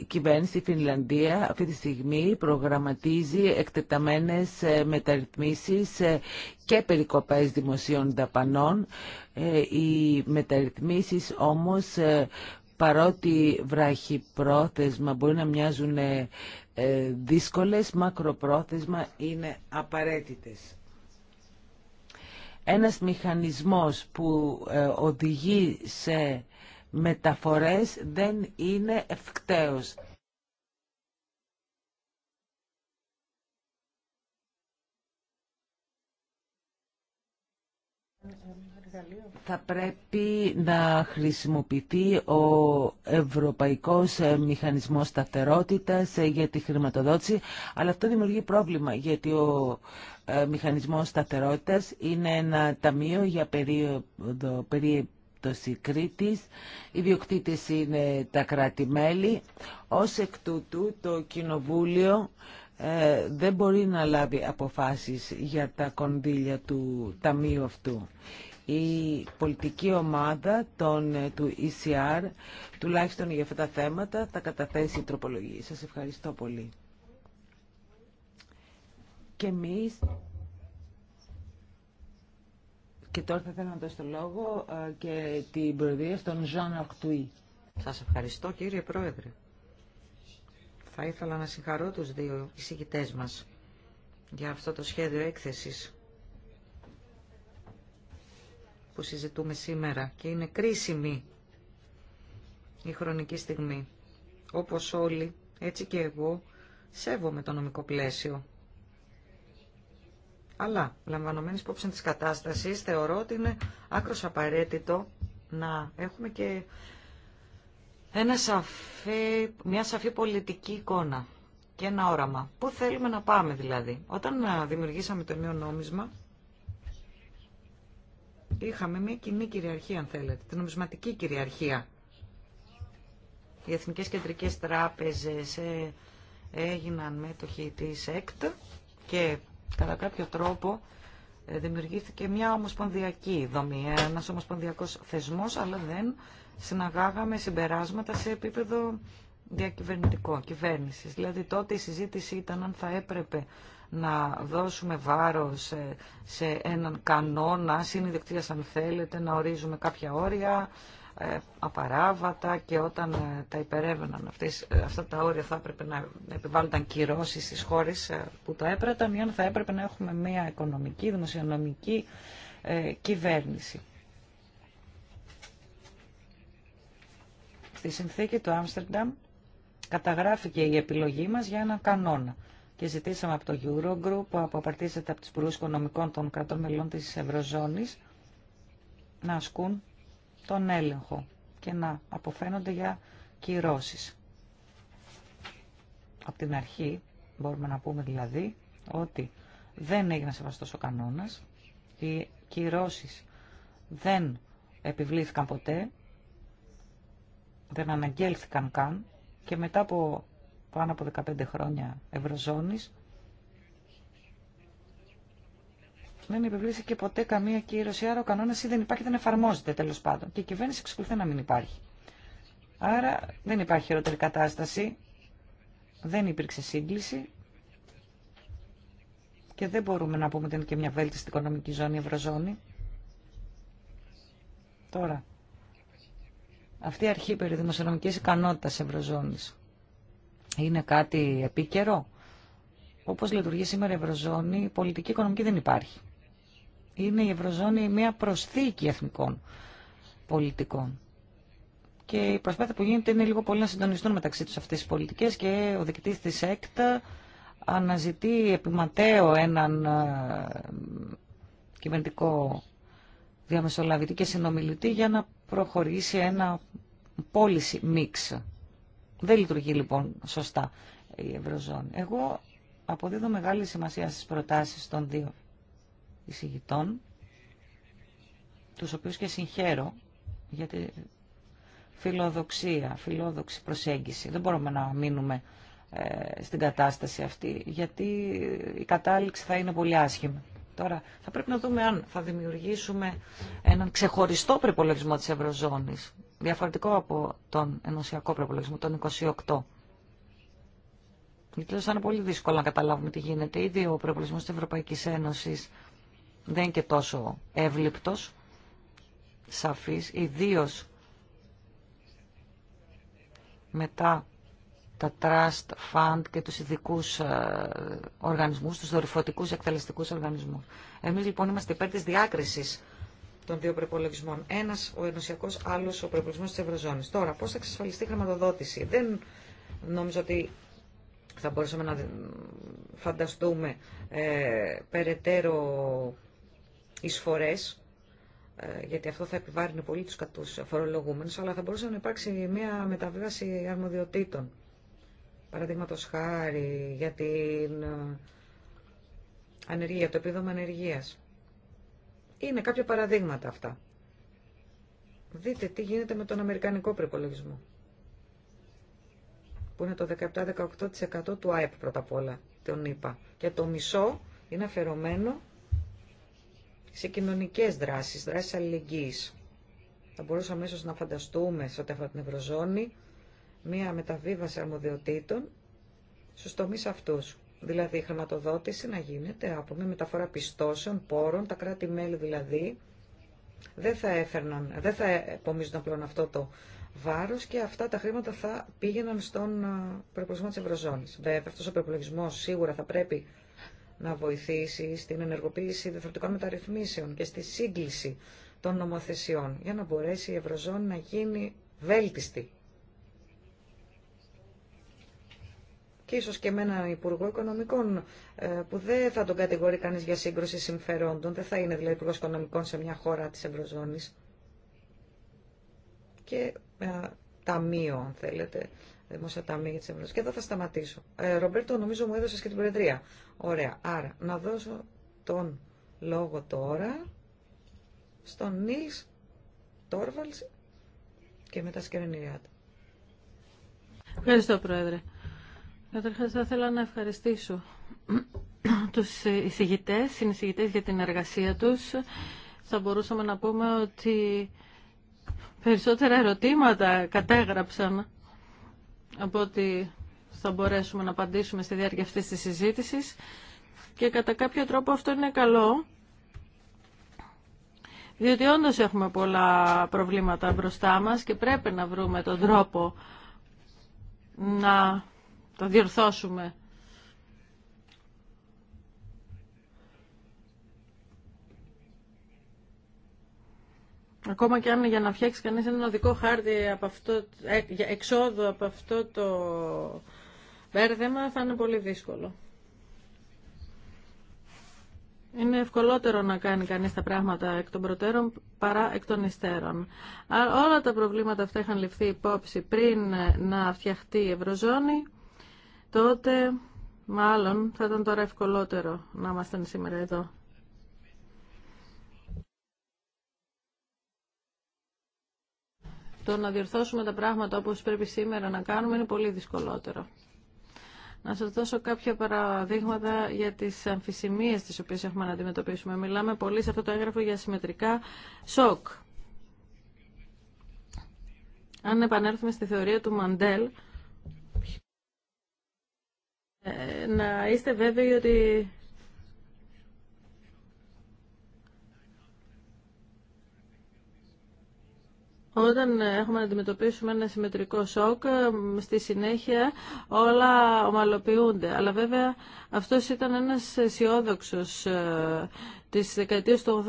κυβέρνηση στη Φινλανδία αυτή τη στιγμή προγραμματίζει εκτεταμένες ε, μεταρρυθμίσεις ε, και περικοπές δημοσίων δαπανών. Ε, οι μεταρρυθμίσεις όμως παρότι βραχυπρόθεσμα πρόθεσμα μπορεί να μοιάζουν δύσκολες, μακροπρόθεσμα είναι απαραίτητες ένας μηχανισμός που ε, οδηγεί σε μεταφορές δεν είναι ευκταίος. θα πρέπει να χρησιμοποιηθεί ο Ευρωπαϊκός Μηχανισμός Σταθερότητας ε, για τη χρηματοδότηση, αλλά αυτό δημιουργεί πρόβλημα, γιατί ο ε, Μηχανισμός Σταθερότητας είναι ένα ταμείο για περίοδο, περίπτωση Κρήτης, οι διοκτήτες είναι τα κράτη-μέλη. Ως εκ τούτου το Κοινοβούλιο ε, δεν μπορεί να λάβει αποφάσεις για τα κονδύλια του ταμείου αυτού. Η πολιτική ομάδα των, ε, του ECR, τουλάχιστον για αυτά τα θέματα, θα καταθέσει τροπολογία. Σας ευχαριστώ πολύ. Και εμείς... Και τώρα θα θέλω να δώσω το λόγο ε, και την προεδρία στον Ζαν Ακτουή. Σας ευχαριστώ κύριε Πρόεδρε. Θα ήθελα να συγχαρώ τους δύο εισηγητές μας για αυτό το σχέδιο έκθεσης που συζητούμε σήμερα και είναι κρίσιμη η χρονική στιγμή. Όπως όλοι, έτσι και εγώ, σέβομαι το νομικό πλαίσιο. Αλλά, λαμβανομένης υπόψη της κατάστασης, θεωρώ ότι είναι άκρος απαραίτητο να έχουμε και ένα μια σαφή πολιτική εικόνα και ένα όραμα. Πού θέλουμε να πάμε δηλαδή. Όταν δημιουργήσαμε το νέο νόμισμα, είχαμε μια κοινή κυριαρχία αν θέλετε, την νομισματική κυριαρχία. Οι εθνικές κεντρικές τράπεζες ε, έγιναν μέτοχοι της ΕΚΤ και κατά κάποιο τρόπο ε, δημιουργήθηκε μια ομοσπονδιακή δομή, ένας ομοσπονδιακός θεσμός, αλλά δεν συναγάγαμε συμπεράσματα σε επίπεδο διακυβερνητικό, κυβέρνηση. Δηλαδή τότε η συζήτηση ήταν αν θα έπρεπε να δώσουμε βάρος σε έναν κανόνα, συνειδεκτίας αν θέλετε, να ορίζουμε κάποια όρια, ε, απαράβατα και όταν ε, τα υπερεύαιναν ε, αυτά τα όρια θα έπρεπε να επιβάλλονταν κυρώσεις στις χώρες που τα έπραταν ή αν θα έπρεπε να έχουμε μια οικονομική, δημοσιονομική κυβέρνηση. Στη συνθήκη του Άμστερνταμ καταγράφηκε η επιλογή μας για έναν κανόνα και ζητήσαμε από το Eurogroup που αποπαρτίζεται από τις υπουργούς οικονομικών των κρατών μελών της Ευρωζώνης να ασκούν τον έλεγχο και να αποφαίνονται για κυρώσεις. Από την αρχή μπορούμε να πούμε δηλαδή ότι δεν έγινε σεβαστός ο κανόνας, οι κυρώσεις δεν επιβλήθηκαν ποτέ δεν αναγγέλθηκαν καν και μετά από πάνω από 15 χρόνια Ευρωζώνης δεν επιβλήθηκε ποτέ καμία κύρωση, άρα ο κανόνα ή δεν υπάρχει, δεν εφαρμόζεται τέλο πάντων. Και η κυβέρνηση εξακολουθεί να μην υπάρχει. Άρα δεν υπάρχει χειρότερη κατάσταση, δεν υπήρξε σύγκληση και δεν μπορούμε να πούμε ότι είναι και μια βέλτιστη οικονομική ζώνη, ευρωζώνη. Τώρα, αυτή η αρχή περί δημοσιονομικής ικανότητας Ευρωζώνης είναι κάτι επίκαιρο. Όπως λειτουργεί σήμερα η Ευρωζώνη, η πολιτική οικονομική δεν υπάρχει. Είναι η Ευρωζώνη μια προσθήκη εθνικών πολιτικών. Και η προσπάθεια που γίνεται είναι λίγο πολύ να συντονιστούν μεταξύ τους αυτές τις πολιτικές και ο δικητής της ΕΚΤΑ αναζητεί επιματέω έναν ε, κυβερνητικό διαμεσολαβητή και συνομιλητή για να προχωρήσει ένα πώληση μίξ. Δεν λειτουργεί λοιπόν σωστά η Ευρωζώνη. Εγώ αποδίδω μεγάλη σημασία στις προτάσεις των δύο εισηγητών, τους οποίους και συγχαίρω για τη φιλοδοξία, φιλόδοξη προσέγγιση. Δεν μπορούμε να μείνουμε ε, στην κατάσταση αυτή, γιατί η κατάληξη θα είναι πολύ άσχημη. Τώρα θα πρέπει να δούμε αν θα δημιουργήσουμε έναν ξεχωριστό προπολογισμό της Ευρωζώνης, διαφορετικό από τον ενωσιακό προπολογισμό, τον 28. Γιατί θα είναι πολύ δύσκολο να καταλάβουμε τι γίνεται. Ήδη ο προπολογισμό της Ευρωπαϊκής Ένωσης δεν είναι και τόσο εύληπτος, σαφής, ιδίω μετά τα trust fund και τους ειδικού ε, οργανισμούς, τους δορυφωτικούς εκτελεστικούς οργανισμούς. Εμείς λοιπόν είμαστε υπέρ της διάκρισης των δύο προπολογισμών. Ένας ο ενωσιακός, άλλος ο προπολογισμό της Ευρωζώνης. Τώρα, πώς θα εξασφαλιστεί η χρηματοδότηση. Δεν νομίζω ότι θα μπορούσαμε να φανταστούμε ε, περαιτέρω εισφορές ε, γιατί αυτό θα επιβάρει πολύ τους κατούς φορολογούμενους, αλλά θα μπορούσε να υπάρξει μια μεταβίβαση αρμοδιοτήτων. Παραδείγματο χάρη για την ε, ανεργία, το επίδομα ανεργία. Είναι κάποια παραδείγματα αυτά. Δείτε τι γίνεται με τον αμερικανικό προπολογισμό. Που είναι το 17-18% του ΑΕΠ πρώτα απ' όλα, τον είπα. Και το μισό είναι αφαιρωμένο σε κοινωνικές δράσεις, δράσεις αλληλεγγύης. Θα μπορούσαμε ίσως να φανταστούμε σε ό,τι αφορά την Ευρωζώνη μία μεταβίβαση αρμοδιοτήτων στους τομείς αυτούς. Δηλαδή η χρηματοδότηση να γίνεται από μία μεταφορά πιστώσεων, πόρων, τα κράτη-μέλη δηλαδή δεν θα έφερναν, δεν θα επομίζουν πλέον αυτό το βάρος και αυτά τα χρήματα θα πήγαιναν στον ε, προπολογισμό της Ευρωζώνης. Βέβαια αυτός ο προπολογισμό σίγουρα θα πρέπει να βοηθήσει στην ενεργοποίηση διαφορετικών μεταρρυθμίσεων και στη σύγκληση των νομοθεσιών για να μπορέσει η Ευρωζώνη να γίνει βέλτιστη και ίσως και με έναν Υπουργό Οικονομικών ε, που δεν θα τον κατηγορεί κανείς για σύγκρουση συμφερόντων, δεν θα είναι δηλαδή Υπουργός Οικονομικών σε μια χώρα της Ευρωζώνης και ένα ε, ταμείο αν θέλετε, δημόσια ταμείο της Ευρωζώνης. Και εδώ θα σταματήσω. Ε, Ρομπέρτο νομίζω μου έδωσες και την Προεδρία. Ωραία. Άρα να δώσω τον λόγο τώρα στον Νίλς Τόρβαλς και μετά στην Ευχαριστώ, Πρόεδρε. Καταρχά, θα ήθελα να ευχαριστήσω [CLEARS THROAT] τους εισηγητέ, συνεισηγητέ για την εργασία τους. Θα μπορούσαμε να πούμε ότι περισσότερα ερωτήματα κατέγραψαν από ότι θα μπορέσουμε να απαντήσουμε στη διάρκεια αυτής της συζήτησης και κατά κάποιο τρόπο αυτό είναι καλό διότι όντως έχουμε πολλά προβλήματα μπροστά μας και πρέπει να βρούμε τον τρόπο να το διορθώσουμε. Ακόμα και αν για να φτιάξει κανείς ένα οδικό χάρτη από αυτό, ε, εξόδου από αυτό το μπέρδεμα θα είναι πολύ δύσκολο. Είναι ευκολότερο να κάνει κανείς τα πράγματα εκ των προτέρων παρά εκ των υστέρων. Όλα τα προβλήματα αυτά είχαν ληφθεί υπόψη πριν να φτιαχτεί η Ευρωζώνη τότε μάλλον θα ήταν τώρα ευκολότερο να ήμασταν σήμερα εδώ. Το να διορθώσουμε τα πράγματα όπως πρέπει σήμερα να κάνουμε είναι πολύ δυσκολότερο. Να σας δώσω κάποια παραδείγματα για τις αμφισημίες τις οποίες έχουμε να αντιμετωπίσουμε. Μιλάμε πολύ σε αυτό το έγγραφο για συμμετρικά σοκ. Αν επανέλθουμε στη θεωρία του Μαντέλ, ε, να είστε βέβαιοι ότι Όταν έχουμε να αντιμετωπίσουμε ένα συμμετρικό σοκ, στη συνέχεια όλα ομαλοποιούνται. Αλλά βέβαια αυτός ήταν ένας αισιόδοξο ε, της δεκαετίας του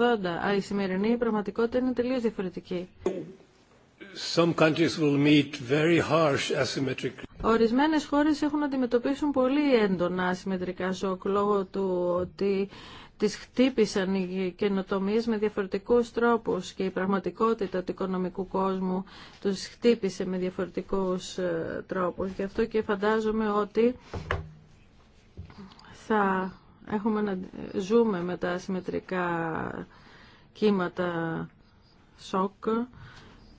80. η σημερινή πραγματικότητα είναι τελείως διαφορετική. Ορισμένε χώρε έχουν να αντιμετωπίσουν πολύ έντονα ασυμμετρικά σοκ λόγω του ότι τι χτύπησαν οι καινοτομίε με διαφορετικού τρόπου και η πραγματικότητα του οικονομικού κόσμου τους χτύπησε με διαφορετικού ε, τρόπου. Γι' αυτό και φαντάζομαι ότι θα έχουμε να ζούμε με τα ασυμμετρικά κύματα σοκ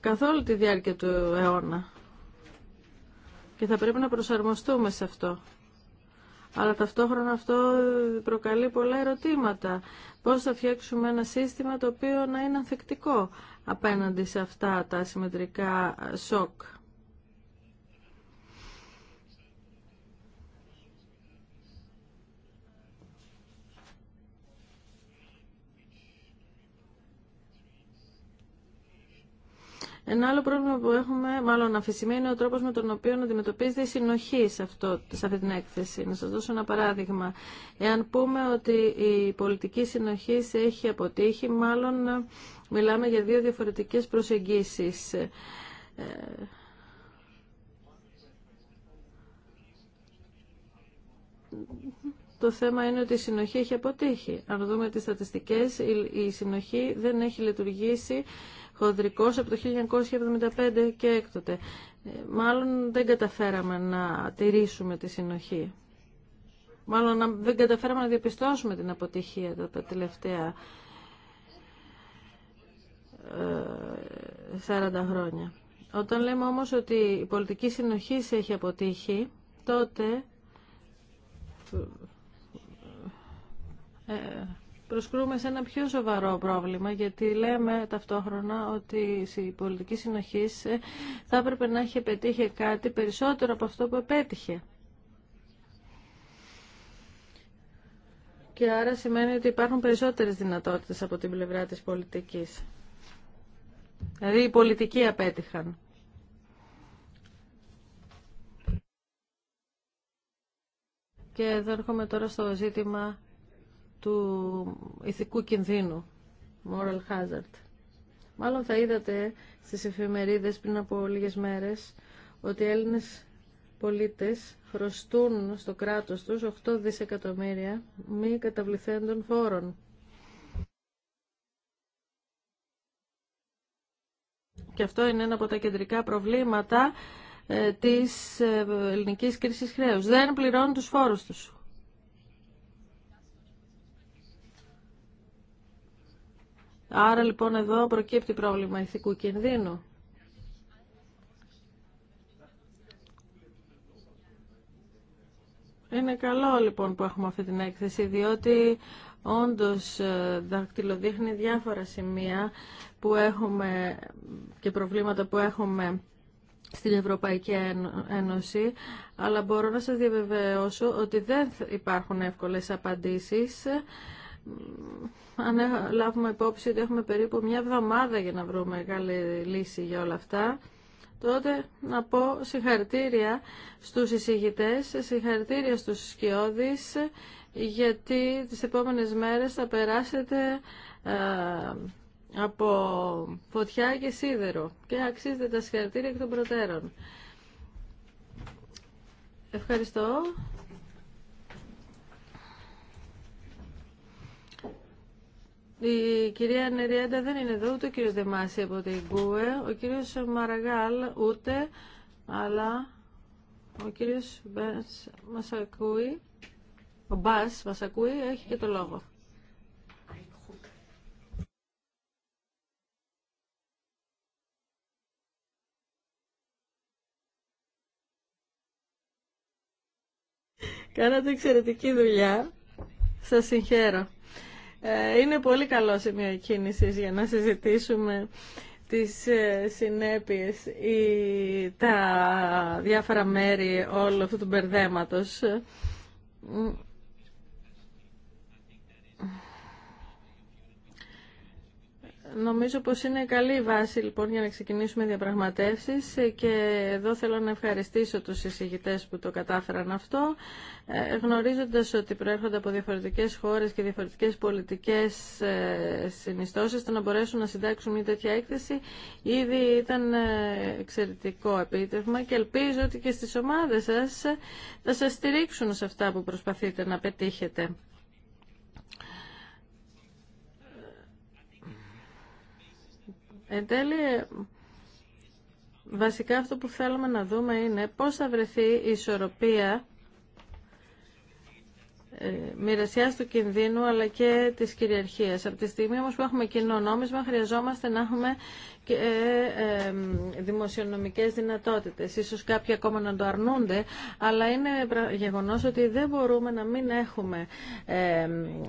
καθ' όλη τη διάρκεια του αιώνα. Και θα πρέπει να προσαρμοστούμε σε αυτό. Αλλά ταυτόχρονα αυτό προκαλεί πολλά ερωτήματα. Πώς θα φτιάξουμε ένα σύστημα το οποίο να είναι ανθεκτικό απέναντι σε αυτά τα συμμετρικά σοκ. Ένα άλλο πρόβλημα που έχουμε, μάλλον αφησιμένο, είναι ο τρόπο με τον οποίο αντιμετωπίζεται η συνοχή σε, αυτό, αυτή την έκθεση. Να σα δώσω ένα παράδειγμα. Εάν πούμε ότι η πολιτική συνοχή έχει αποτύχει, μάλλον ε, μιλάμε για δύο διαφορετικέ προσεγγίσει. Ε, το θέμα είναι ότι η συνοχή έχει αποτύχει. Αν δούμε τις στατιστικές, η συνοχή δεν έχει λειτουργήσει χονδρικός από το 1975 και έκτοτε. Ε, μάλλον δεν καταφέραμε να τηρήσουμε τη συνοχή. Μάλλον δεν καταφέραμε να διαπιστώσουμε την αποτυχία τα τελευταία 40 ε, χρόνια. Όταν λέμε όμως ότι η πολιτική συνοχή έχει αποτύχει, τότε ε, προσκρούμε σε ένα πιο σοβαρό πρόβλημα, γιατί λέμε ταυτόχρονα ότι η πολιτική συνοχή θα έπρεπε να έχει πετύχει κάτι περισσότερο από αυτό που επέτυχε. Και άρα σημαίνει ότι υπάρχουν περισσότερες δυνατότητες από την πλευρά της πολιτικής. Δηλαδή οι πολιτικοί απέτυχαν. Και εδώ έρχομαι τώρα στο ζήτημα του ηθικού κινδύνου, moral hazard. Μάλλον θα είδατε στις εφημερίδες πριν από λίγες μέρες ότι οι Έλληνες πολίτες χρωστούν στο κράτος τους 8 δισεκατομμύρια μη καταβληθέντων φόρων. Και αυτό είναι ένα από τα κεντρικά προβλήματα ε, της ε, ελληνικής κρίσης χρέους. Δεν πληρώνουν τους φόρους τους. Άρα λοιπόν εδώ προκύπτει πρόβλημα ηθικού κινδύνου. Είναι καλό λοιπόν που έχουμε αυτή την έκθεση, διότι όντως ε, δακτυλοδείχνει διάφορα σημεία που έχουμε και προβλήματα που έχουμε στην Ευρωπαϊκή Ένωση, αλλά μπορώ να σας διαβεβαιώσω ότι δεν υπάρχουν εύκολες απαντήσεις αν ε, λάβουμε υπόψη ότι έχουμε περίπου μια εβδομάδα για να βρούμε καλή λύση για όλα αυτά, τότε να πω συγχαρητήρια στους εισηγητές, συγχαρητήρια στους σκιώδεις, γιατί τις επόμενες μέρες θα περάσετε ε, από φωτιά και σίδερο και αξίζετε τα συγχαρητήρια εκ των προτέρων. Ευχαριστώ. Η κυρία Νεριέντα δεν είναι εδώ, ούτε ο κύριος Δεμάση από την ΚΟΕ, ο κύριος Μαραγάλ ούτε, αλλά ο κύριος Μπάς μας ο Μπάς μας ακούει, έχει και το λόγο. Κάνατε εξαιρετική δουλειά. Σας συγχαίρω. Ε, είναι πολύ καλό σημείο κίνηση για να συζητήσουμε τις ε, συνέπειες ή τα διάφορα μέρη όλου αυτού του μπερδέματος. Νομίζω πως είναι καλή βάση λοιπόν για να ξεκινήσουμε διαπραγματεύσεις και εδώ θέλω να ευχαριστήσω τους εισηγητές που το κατάφεραν αυτό ε, γνωρίζοντας ότι προέρχονται από διαφορετικές χώρες και διαφορετικές πολιτικές ε, συνιστώσεις το να μπορέσουν να συντάξουν μια τέτοια έκθεση ήδη ήταν ε, εξαιρετικό επίτευγμα και ελπίζω ότι και στις ομάδες σας θα σας στηρίξουν σε αυτά που προσπαθείτε να πετύχετε. Εν τέλει, βασικά αυτό που θέλουμε να δούμε είναι πώς θα βρεθεί η ισορροπία ε, μοιρασιά του κινδύνου αλλά και της κυριαρχίας. Από τη στιγμή όμως που έχουμε κοινό νόμισμα χρειαζόμαστε να έχουμε και ε, ε, δημοσιονομικές δυνατότητες. Ίσως κάποιοι ακόμα να το αρνούνται, αλλά είναι γεγονός ότι δεν μπορούμε να μην έχουμε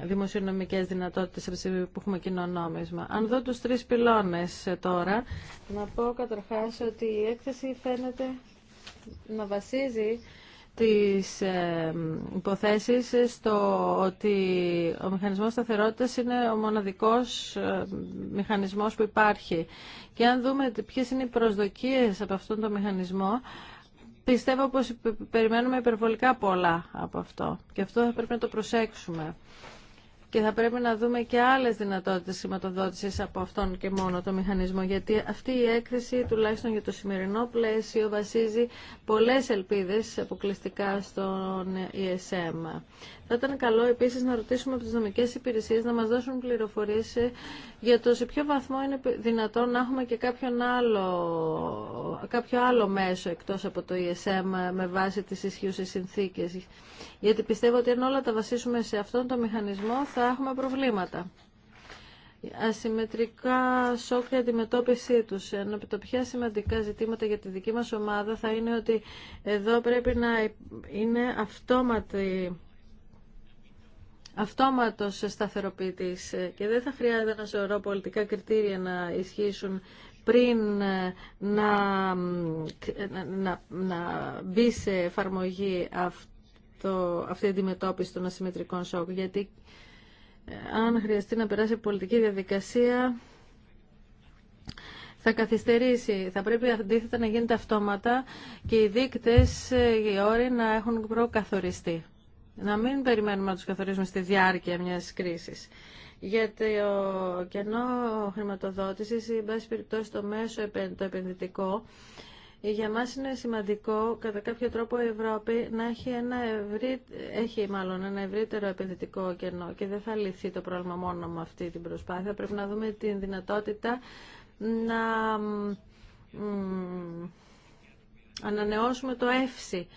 δημοσιονομικές δυνατότητες από τη στιγμή που έχουμε κοινό νόμισμα. Αν δω τους τρεις πυλώνες τώρα, να πω καταρχάς ότι η έκθεση φαίνεται να βασίζει τις υποθέσεις στο ότι ο μηχανισμός σταθερότητας είναι ο μοναδικός μηχανισμός που υπάρχει. Και αν δούμε ποιες είναι οι προσδοκίες από αυτόν τον μηχανισμό, πιστεύω πως περιμένουμε υπερβολικά πολλά από αυτό. Και αυτό θα πρέπει να το προσέξουμε και θα πρέπει να δούμε και άλλες δυνατότητες χρηματοδότηση από αυτόν και μόνο το μηχανισμό γιατί αυτή η έκθεση τουλάχιστον για το σημερινό πλαίσιο βασίζει πολλές ελπίδες αποκλειστικά στον ESM. Ε θα ήταν καλό επίση να ρωτήσουμε από τι νομικέ υπηρεσίε να μα δώσουν πληροφορίε για το σε ποιο βαθμό είναι δυνατόν να έχουμε και κάποιον άλλο, κάποιο άλλο μέσο εκτό από το ESM με βάση τις ισχύουσες συνθήκε. Γιατί πιστεύω ότι αν όλα τα βασίσουμε σε αυτόν τον μηχανισμό θα έχουμε προβλήματα ασυμμετρικά σοκ για αντιμετώπιση του, Ενώ από τα πιο σημαντικά ζητήματα για τη δική μα ομάδα θα είναι ότι εδώ πρέπει να είναι αυτόματη αυτόματος σταθεροποιητής και δεν θα χρειάζεται να σωρό πολιτικά κριτήρια να ισχύσουν πριν ε, να, ε, να, να μπει σε εφαρμογή αυτό, αυτή η αντιμετώπιση των ασυμμετρικών σοκ. Γιατί ε, αν χρειαστεί να περάσει πολιτική διαδικασία, θα καθυστερήσει. Θα πρέπει αντίθετα να γίνεται αυτόματα και οι δείκτες, οι όροι να έχουν προκαθοριστεί να μην περιμένουμε να τους καθορίζουμε στη διάρκεια μιας κρίσης. Γιατί ο κενό χρηματοδότησης, ή πάση περιπτώσει το μέσο το επενδυτικό, για μας είναι σημαντικό κατά κάποιο τρόπο η Ευρώπη να έχει ένα, έχει μάλλον ένα ευρύτερο επενδυτικό κενό και δεν θα λυθεί το πρόβλημα μόνο με αυτή την προσπάθεια. Πρέπει να δούμε την δυνατότητα να ανανεώσουμε το εύση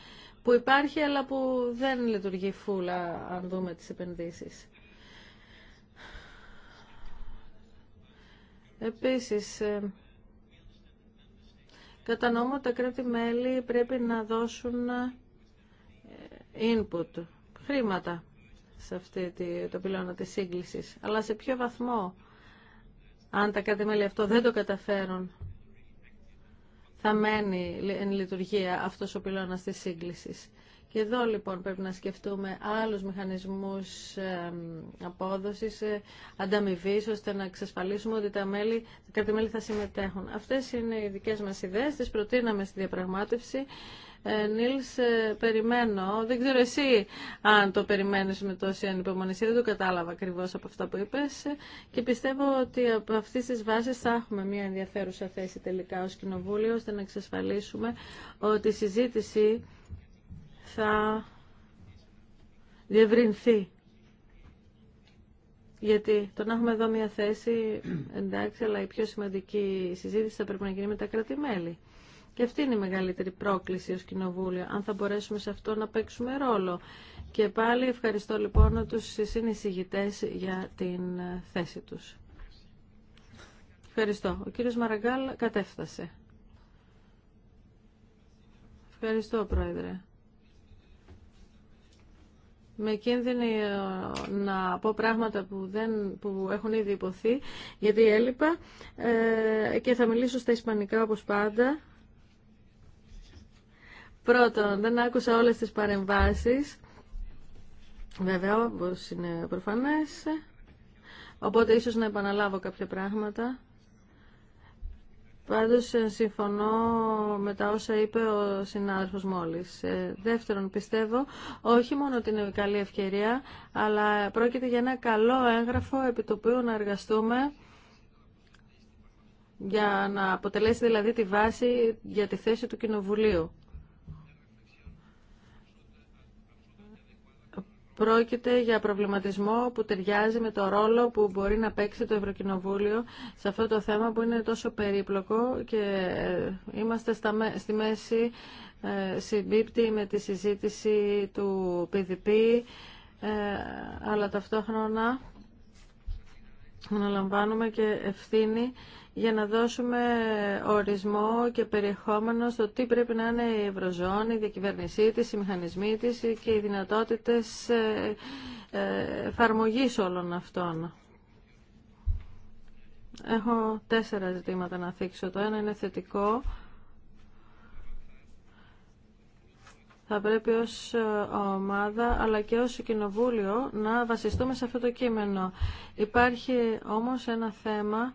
που υπάρχει αλλά που δεν λειτουργεί φούλα αν δούμε τις επενδύσεις. Επίσης, ε, κατά ότι τα κράτη-μέλη πρέπει να δώσουν ε, input, χρήματα σε αυτή τη, το πυλώνα της σύγκλησης. Αλλά σε ποιο βαθμό, αν τα κράτη-μέλη αυτό δεν το καταφέρουν, θα μένει εν λειτουργία αυτός ο πυλώνας της σύγκλησης. Και εδώ λοιπόν πρέπει να σκεφτούμε άλλους μηχανισμούς απόδοσης, ε, ανταμοιβή, ώστε να εξασφαλίσουμε ότι τα, μέλη, τα μελη θα συμμετέχουν. Αυτές είναι οι δικές μας ιδέες, τις προτείναμε στη διαπραγμάτευση ε, Νίλς, ε, περιμένω. Δεν ξέρω εσύ αν το περιμένεις με τόση ανυπομονησία. Δεν το κατάλαβα ακριβώ από αυτά που είπες. Και πιστεύω ότι από αυτές τις βάσεις θα έχουμε μια ενδιαφέρουσα θέση τελικά ως Κοινοβούλιο, ώστε να εξασφαλίσουμε ότι η συζήτηση θα διευρυνθεί. Γιατί το να έχουμε εδώ μια θέση, εντάξει, αλλά η πιο σημαντική συζήτηση θα πρέπει να γίνει με τα κρατημέλη. Και αυτή είναι η μεγαλύτερη πρόκληση ως Κοινοβούλιο, αν θα μπορέσουμε σε αυτό να παίξουμε ρόλο. Και πάλι ευχαριστώ λοιπόν τους συνεισηγητές για την ε, θέση τους. Ευχαριστώ. Ο κύριος Μαραγκάλ κατέφτασε. Ευχαριστώ, Πρόεδρε. Με κίνδυνο ε, να πω πράγματα που, δεν, που έχουν ήδη υποθεί, γιατί έλειπα ε, και θα μιλήσω στα ισπανικά όπως πάντα. Πρώτον, δεν άκουσα όλες τις παρεμβάσεις. Βέβαια, όπως είναι προφανές. Οπότε, ίσως να επαναλάβω κάποια πράγματα. Πάντως ε, συμφωνώ με τα όσα είπε ο συνάδελφος μόλις. Ε, δεύτερον, πιστεύω όχι μόνο την καλή ευκαιρία, αλλά πρόκειται για ένα καλό έγγραφο επί το οποίο να εργαστούμε για να αποτελέσει δηλαδή τη βάση για τη θέση του Κοινοβουλίου. Πρόκειται για προβληματισμό που ταιριάζει με το ρόλο που μπορεί να παίξει το Ευρωκοινοβούλιο σε αυτό το θέμα που είναι τόσο περίπλοκο και ε, είμαστε στη μέση ε, συμπίπτη με τη συζήτηση του PDP ε, αλλά ταυτόχρονα αναλαμβάνουμε και ευθύνη για να δώσουμε ορισμό και περιεχόμενο στο τι πρέπει να είναι η Ευρωζώνη, η διακυβέρνησή της, οι μηχανισμοί της και οι δυνατότητες ε, ε, εφαρμογή όλων αυτών. Έχω τέσσερα ζητήματα να θίξω. Το ένα είναι θετικό. Θα πρέπει ως ομάδα αλλά και ως κοινοβούλιο να βασιστούμε σε αυτό το κείμενο. Υπάρχει όμως ένα θέμα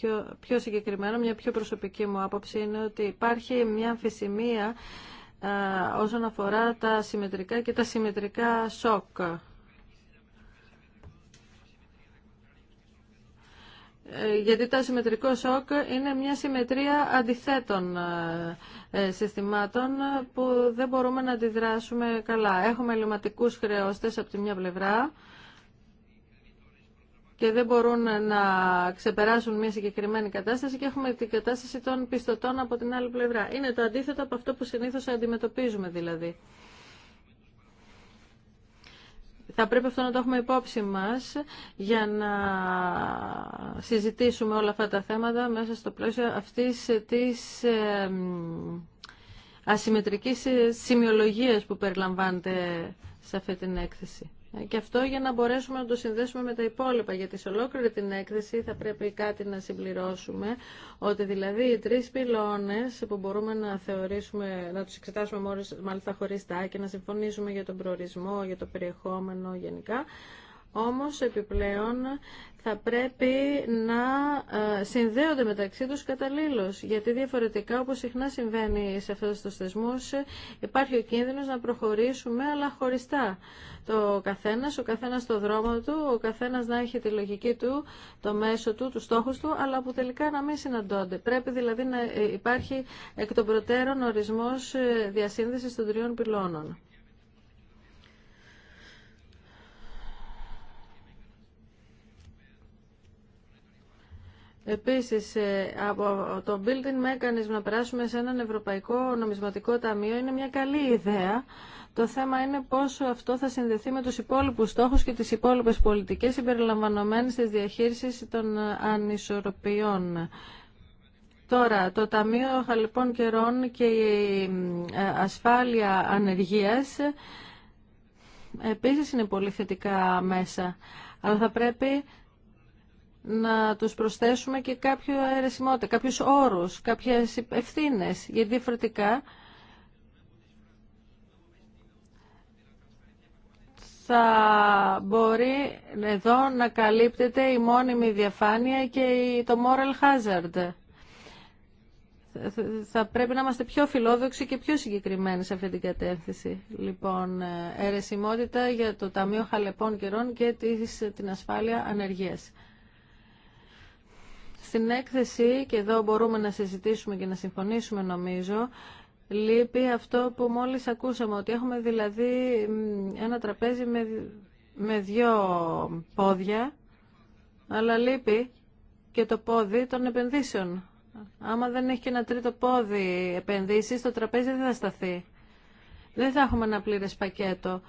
πιο, πιο συγκεκριμένο, μια πιο προσωπική μου άποψη είναι ότι υπάρχει μια αμφισημία ε, όσον αφορά τα συμμετρικά και τα συμμετρικά σοκ. Ε, γιατί τα συμμετρικό σοκ είναι μια συμμετρία αντιθέτων ε, συστημάτων που δεν μπορούμε να αντιδράσουμε καλά. Έχουμε ελληματικούς χρεώστες από τη μια πλευρά, και δεν μπορούν να ξεπεράσουν μια συγκεκριμένη κατάσταση και έχουμε την κατάσταση των πιστωτών από την άλλη πλευρά. Είναι το αντίθετο από αυτό που συνήθως αντιμετωπίζουμε δηλαδή. Θα πρέπει αυτό να το έχουμε υπόψη μας για να συζητήσουμε όλα αυτά τα θέματα μέσα στο πλαίσιο αυτής της ασυμμετρικής σημειολογίας που περιλαμβάνεται σε αυτή την έκθεση. Και αυτό για να μπορέσουμε να το συνδέσουμε με τα υπόλοιπα, γιατί σε ολόκληρη την έκθεση θα πρέπει κάτι να συμπληρώσουμε, ότι δηλαδή οι τρεις πυλώνες που μπορούμε να θεωρήσουμε, να τους εξετάσουμε μόλις, μάλιστα χωριστά και να συμφωνήσουμε για τον προορισμό, για το περιεχόμενο γενικά, όμως επιπλέον θα πρέπει να ε, συνδέονται μεταξύ τους καταλήλως, γιατί διαφορετικά, όπως συχνά συμβαίνει σε αυτούς τους θεσμούς, υπάρχει ο κίνδυνος να προχωρήσουμε, αλλά χωριστά. Το καθένας, ο καθένας στο δρόμο του, ο καθένας να έχει τη λογική του, το μέσο του, τους στόχους του, αλλά που τελικά να μην συναντώνται. Πρέπει δηλαδή να ε, υπάρχει εκ των προτέρων ορισμός ε, διασύνδεσης των τριών πυλώνων. Επίσης, ε, από το building mechanism να περάσουμε σε έναν Ευρωπαϊκό Νομισματικό Ταμείο είναι μια καλή ιδέα. Το θέμα είναι πόσο αυτό θα συνδεθεί με τους υπόλοιπους στόχους και τις υπόλοιπες πολιτικές συμπεριλαμβανομένες της διαχείρισης των ε, ανισορροπιών. Τώρα, το Ταμείο Χαλιπών Καιρών και η ε, ασφάλεια ανεργίας επίσης είναι πολύ θετικά μέσα. Αλλά θα πρέπει να τους προσθέσουμε και κάποιο αιρεσιμότητα, κάποιους όρους, κάποιες ευθύνες, γιατί διαφορετικά θα μπορεί εδώ να καλύπτεται η μόνιμη διαφάνεια και το moral hazard. Θα πρέπει να είμαστε πιο φιλόδοξοι και πιο συγκεκριμένοι σε αυτή την κατεύθυνση. Λοιπόν, αιρεσιμότητα για το Ταμείο Χαλεπών Καιρών και την ασφάλεια ανεργίας. Στην έκθεση, και εδώ μπορούμε να συζητήσουμε και να συμφωνήσουμε νομίζω, λείπει αυτό που μόλις ακούσαμε, ότι έχουμε δηλαδή ένα τραπέζι με, με δυο πόδια, αλλά λείπει και το πόδι των επενδύσεων. Άμα δεν έχει και ένα τρίτο πόδι επενδύσεις, το τραπέζι δεν θα σταθεί. Δεν θα έχουμε ένα πλήρες πακέτο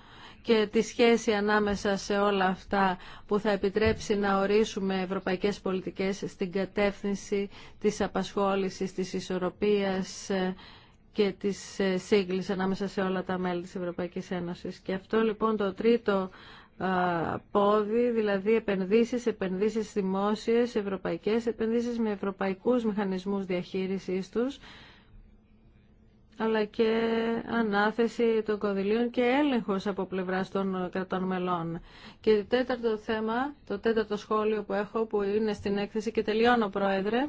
και τη σχέση ανάμεσα σε όλα αυτά που θα επιτρέψει να ορίσουμε ευρωπαϊκές πολιτικές στην κατεύθυνση της απασχόλησης, της ισορροπίας ε, και της ε, σύγκλησης ανάμεσα σε όλα τα μέλη της Ευρωπαϊκής Ένωσης. Και αυτό λοιπόν το τρίτο πόδι, δηλαδή επενδύσεις, επενδύσεις δημόσιες, ευρωπαϊκές επενδύσεις με ευρωπαϊκούς μηχανισμούς διαχείρισης τους αλλά και ανάθεση των κονδυλίων και έλεγχος από πλευράς των κρατών μελών. Και το τέταρτο θέμα, το τέταρτο σχόλιο που έχω, που είναι στην έκθεση και τελειώνω, Πρόεδρε,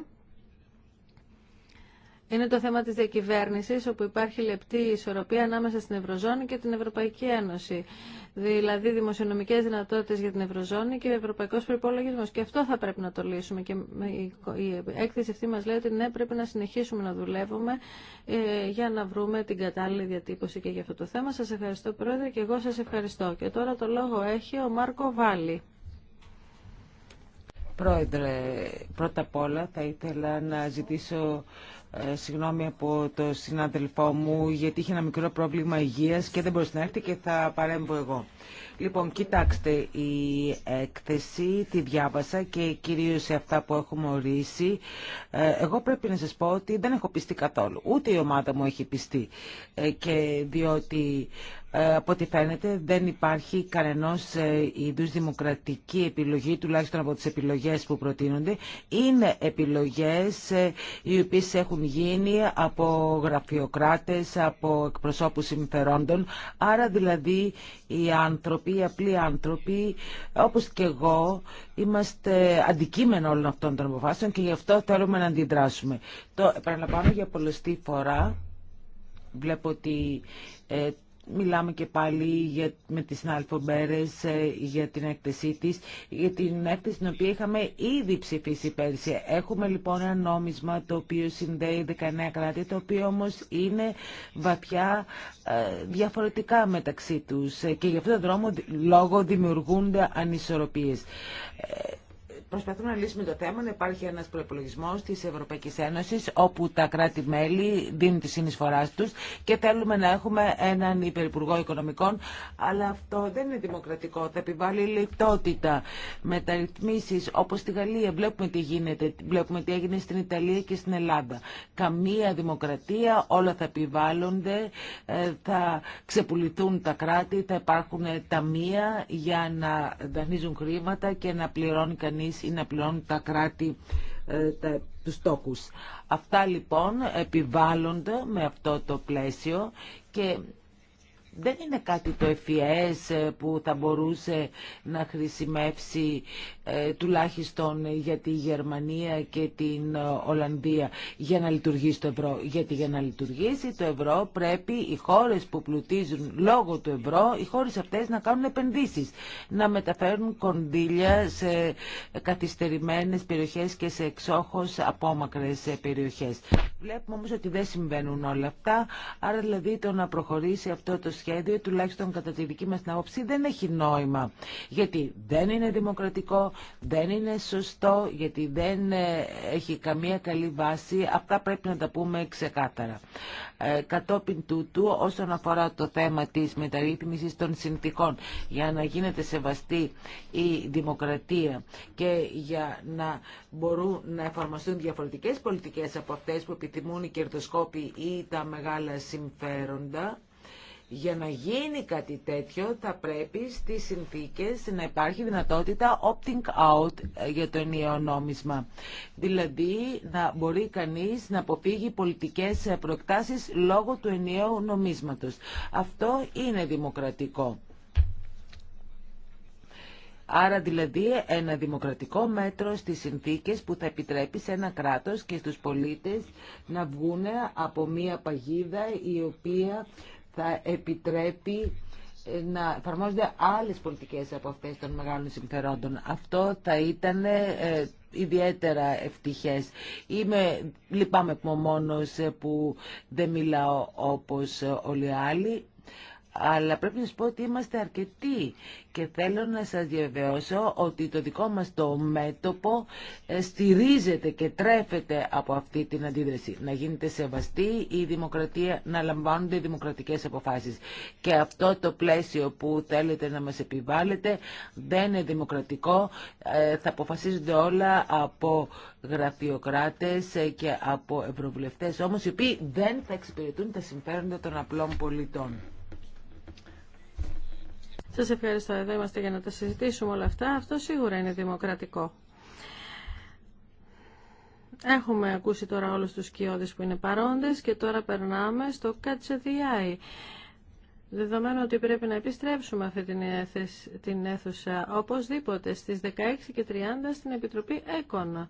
είναι το θέμα της διακυβέρνησης, όπου υπάρχει λεπτή ισορροπία ανάμεσα στην Ευρωζώνη και την Ευρωπαϊκή Ένωση. Δηλαδή, δημοσιονομικές δυνατότητες για την Ευρωζώνη και ευρωπαϊκός προϋπολογισμός. Και αυτό θα πρέπει να το λύσουμε. Και η έκθεση αυτή μας λέει ότι ναι, πρέπει να συνεχίσουμε να δουλεύουμε ε, για να βρούμε την κατάλληλη διατύπωση και για αυτό το θέμα. Σας ευχαριστώ, Πρόεδρε, και εγώ σας ευχαριστώ. Και τώρα το λόγο έχει ο Μάρκο Βάλλη. Πρόεδρε, πρώτα απ' όλα θα ήθελα να ζητήσω ε, συγγνώμη από το συνάδελφό μου γιατί είχε ένα μικρό πρόβλημα υγείας και δεν μπορούσε να έρθει και θα παρέμβω εγώ. Λοιπόν, κοιτάξτε, η έκθεση τη διάβασα και κυρίως σε αυτά που έχουμε ορίσει. Ε, εγώ πρέπει να σας πω ότι δεν έχω πιστεί καθόλου. Ούτε η ομάδα μου έχει πιστεί. Ε, και διότι ε, από ό,τι φαίνεται δεν υπάρχει κανενός ε, είδους δημοκρατική επιλογή, τουλάχιστον από τις επιλογές που προτείνονται. Είναι επιλογές ε, οι οποίες έχουν γίνει από γραφειοκράτες, από εκπροσώπους συμφερόντων. Άρα δηλαδή οι άνθρωποι, οι απλοί άνθρωποι, όπως και εγώ, είμαστε αντικείμενο όλων αυτών των αποφάσεων και γι' αυτό θέλουμε να αντιδράσουμε. Το επαναλαμβάνω για πολλωστή φορά. Βλέπω ότι Μιλάμε και πάλι για, με τις Νάλφο Μπέρες ε, για την έκθεσή της, για την έκθεση την οποία είχαμε ήδη ψηφίσει πέρσι. Έχουμε λοιπόν ένα νόμισμα το οποίο συνδέει 19 κράτη, το οποίο όμως είναι βαθιά ε, διαφορετικά μεταξύ τους ε, και γι' αυτόν τον δρόμο λόγο δημιουργούνται ανισορροπίες προσπαθούμε να λύσουμε το θέμα να υπάρχει ένας προπολογισμό της Ευρωπαϊκής Ένωσης όπου τα κράτη-μέλη δίνουν τη συνεισφορά τους και θέλουμε να έχουμε έναν υπερυπουργό οικονομικών αλλά αυτό δεν είναι δημοκρατικό, θα επιβάλλει τα μεταρρυθμίσεις όπως στη Γαλλία βλέπουμε τι γίνεται, βλέπουμε τι έγινε στην Ιταλία και στην Ελλάδα καμία δημοκρατία, όλα θα επιβάλλονται ε, θα ξεπουληθούν τα κράτη, θα υπάρχουν ταμεία για να δανείζουν χρήματα και να πληρώνει κανεί ή να πληρώνουν τα κράτη ε, τα, τους τόκους. Αυτά λοιπόν επιβάλλονται με αυτό το πλαίσιο και δεν είναι κάτι το εφιές ε, που θα μπορούσε να χρησιμεύσει ε, τουλάχιστον για τη Γερμανία και την ε, Ολλανδία για να λειτουργήσει το ευρώ. Γιατί για να λειτουργήσει το ευρώ πρέπει οι χώρες που πλουτίζουν λόγω του ευρώ, οι χώρες αυτές να κάνουν επενδύσεις, να μεταφέρουν κονδύλια σε καθυστερημένες περιοχές και σε εξόχως απόμακρες περιοχές. Βλέπουμε όμως ότι δεν συμβαίνουν όλα αυτά, άρα δηλαδή το να προχωρήσει αυτό το σχέδιο σχέδιο, τουλάχιστον κατά τη δική μας την άποψη, δεν έχει νόημα. Γιατί δεν είναι δημοκρατικό, δεν είναι σωστό, γιατί δεν ε, έχει καμία καλή βάση. Αυτά πρέπει να τα πούμε ξεκάθαρα. Ε, κατόπιν τούτου, όσον αφορά το θέμα της μεταρρύθμισης των συνθήκων, για να γίνεται σεβαστή η δημοκρατία και για να μπορούν να εφαρμοστούν διαφορετικές πολιτικές από αυτέ που επιθυμούν οι κερδοσκόποι ή τα μεγάλα συμφέροντα, για να γίνει κάτι τέτοιο θα πρέπει στις συνθήκες να υπάρχει δυνατότητα opting out ε, για το ενιαίο νόμισμα. Δηλαδή να μπορεί κανείς να αποφύγει πολιτικές ε, προεκτάσεις λόγω του ενιαίου νομίσματος. Αυτό είναι δημοκρατικό. Άρα δηλαδή ένα δημοκρατικό μέτρο στις συνθήκες που θα επιτρέπει σε ένα κράτος και στους πολίτες να βγουν από μια παγίδα η οποία θα επιτρέπει ε, να εφαρμόζονται άλλες πολιτικές από αυτές των μεγάλων συμφερόντων. Αυτό θα ήταν ε, ιδιαίτερα ευτυχές. Είμαι, λυπάμαι που μόνος ε, που δεν μιλάω όπως όλοι οι άλλοι αλλά πρέπει να σας πω ότι είμαστε αρκετοί και θέλω να σας διαβεβαιώσω ότι το δικό μας το μέτωπο ε, στηρίζεται και τρέφεται από αυτή την αντίδραση. Να γίνεται σεβαστή η δημοκρατία, να λαμβάνονται δημοκρατικές αποφάσεις. Και αυτό το πλαίσιο που θέλετε να μας επιβάλλετε δεν είναι δημοκρατικό. Ε, θα αποφασίζονται όλα από γραφειοκράτες ε, και από ευρωβουλευτές όμως οι οποίοι δεν θα εξυπηρετούν τα συμφέροντα των απλών πολιτών. Σα ευχαριστώ. Εδώ είμαστε για να τα συζητήσουμε όλα αυτά. Αυτό σίγουρα είναι δημοκρατικό. Έχουμε ακούσει τώρα όλους τους κοιόδες που είναι παρόντες και τώρα περνάμε στο Κατσεδιάι. Δεδομένου ότι πρέπει να επιστρέψουμε αυτή την, την αίθουσα οπωσδήποτε στις 16.30 στην Επιτροπή ΕΚΟΝ.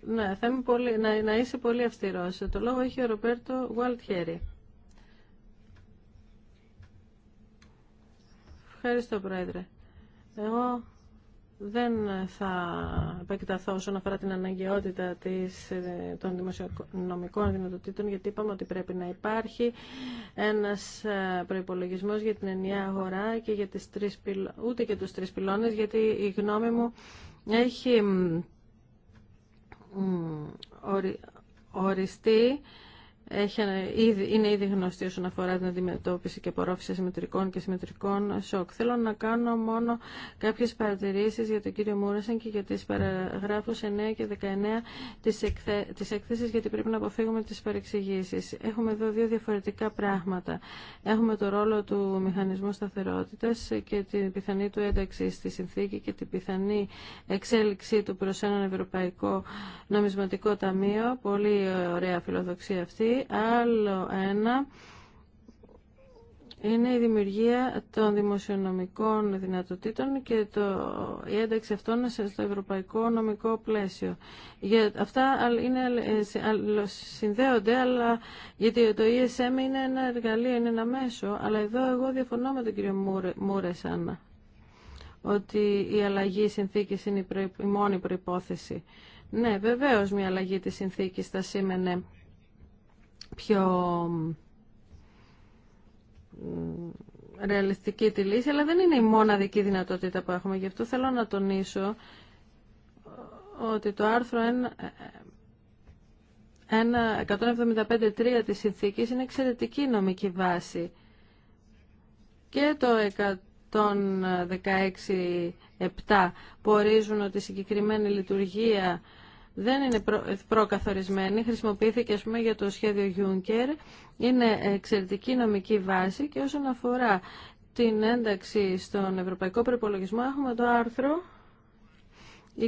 Ναι, θα πολύ, να, να, είσαι πολύ αυστηρός. Το λόγο έχει ο Ροπέρτο Γουαλτιέρη. Ευχαριστώ, Πρόεδρε. Εγώ δεν θα επεκταθώ όσον αφορά την αναγκαιότητα της, ε, των δημοσιονομικών δυνατοτήτων, γιατί είπαμε ότι πρέπει να υπάρχει ένας ε, προϋπολογισμός για την ενιαία αγορά και για τις τρεις, ούτε και τους τρεις πυλώνες, γιατί η γνώμη μου έχει οριστεί έχει, είναι ήδη γνωστή όσον αφορά την αντιμετώπιση και απορρόφηση συμμετρικών και συμμετρικών σοκ. Θέλω να κάνω μόνο κάποιε παρατηρήσει για τον κύριο Μούρασεν και για τι παραγράφου 9 και 19 τη έκθεση, γιατί πρέπει να αποφύγουμε τι παρεξηγήσει. Έχουμε εδώ δύο διαφορετικά πράγματα. Έχουμε το ρόλο του μηχανισμού σταθερότητα και την πιθανή του ένταξη στη συνθήκη και την πιθανή εξέλιξή του προ έναν Ευρωπαϊκό Νομισματικό Ταμείο. Πολύ ωραία φιλοδοξία αυτή Άλλο ένα είναι η δημιουργία των δημοσιονομικών δυνατοτήτων και το, η ένταξη αυτών στο ευρωπαϊκό νομικό πλαίσιο. Για, αυτά είναι, ε, συνδέονται, αλλά, γιατί το ESM είναι ένα εργαλείο, είναι ένα μέσο, αλλά εδώ εγώ διαφωνώ με τον κύριο ότι η αλλαγή συνθήκη είναι η, η μόνη προϋπόθεση. Ναι, βεβαίως μια αλλαγή της συνθήκης θα σήμαινε πιο ρεαλιστική τη λύση, αλλά δεν είναι η μοναδική δυνατότητα που έχουμε. Γι' αυτό θέλω να τονίσω ε, ότι το άρθρο 175.3 ε, της συνθήκης είναι εξαιρετική νομική βάση και το 116.7 που ορίζουν ότι η συγκεκριμένη λειτουργία δεν είναι ε, προκαθορισμένη. Χρησιμοποιήθηκε, ας πούμε, για το σχέδιο Juncker. Είναι εξαιρετική νομική βάση και όσον αφορά την ένταξη στον Ευρωπαϊκό Προπολογισμό έχουμε το άρθρο 21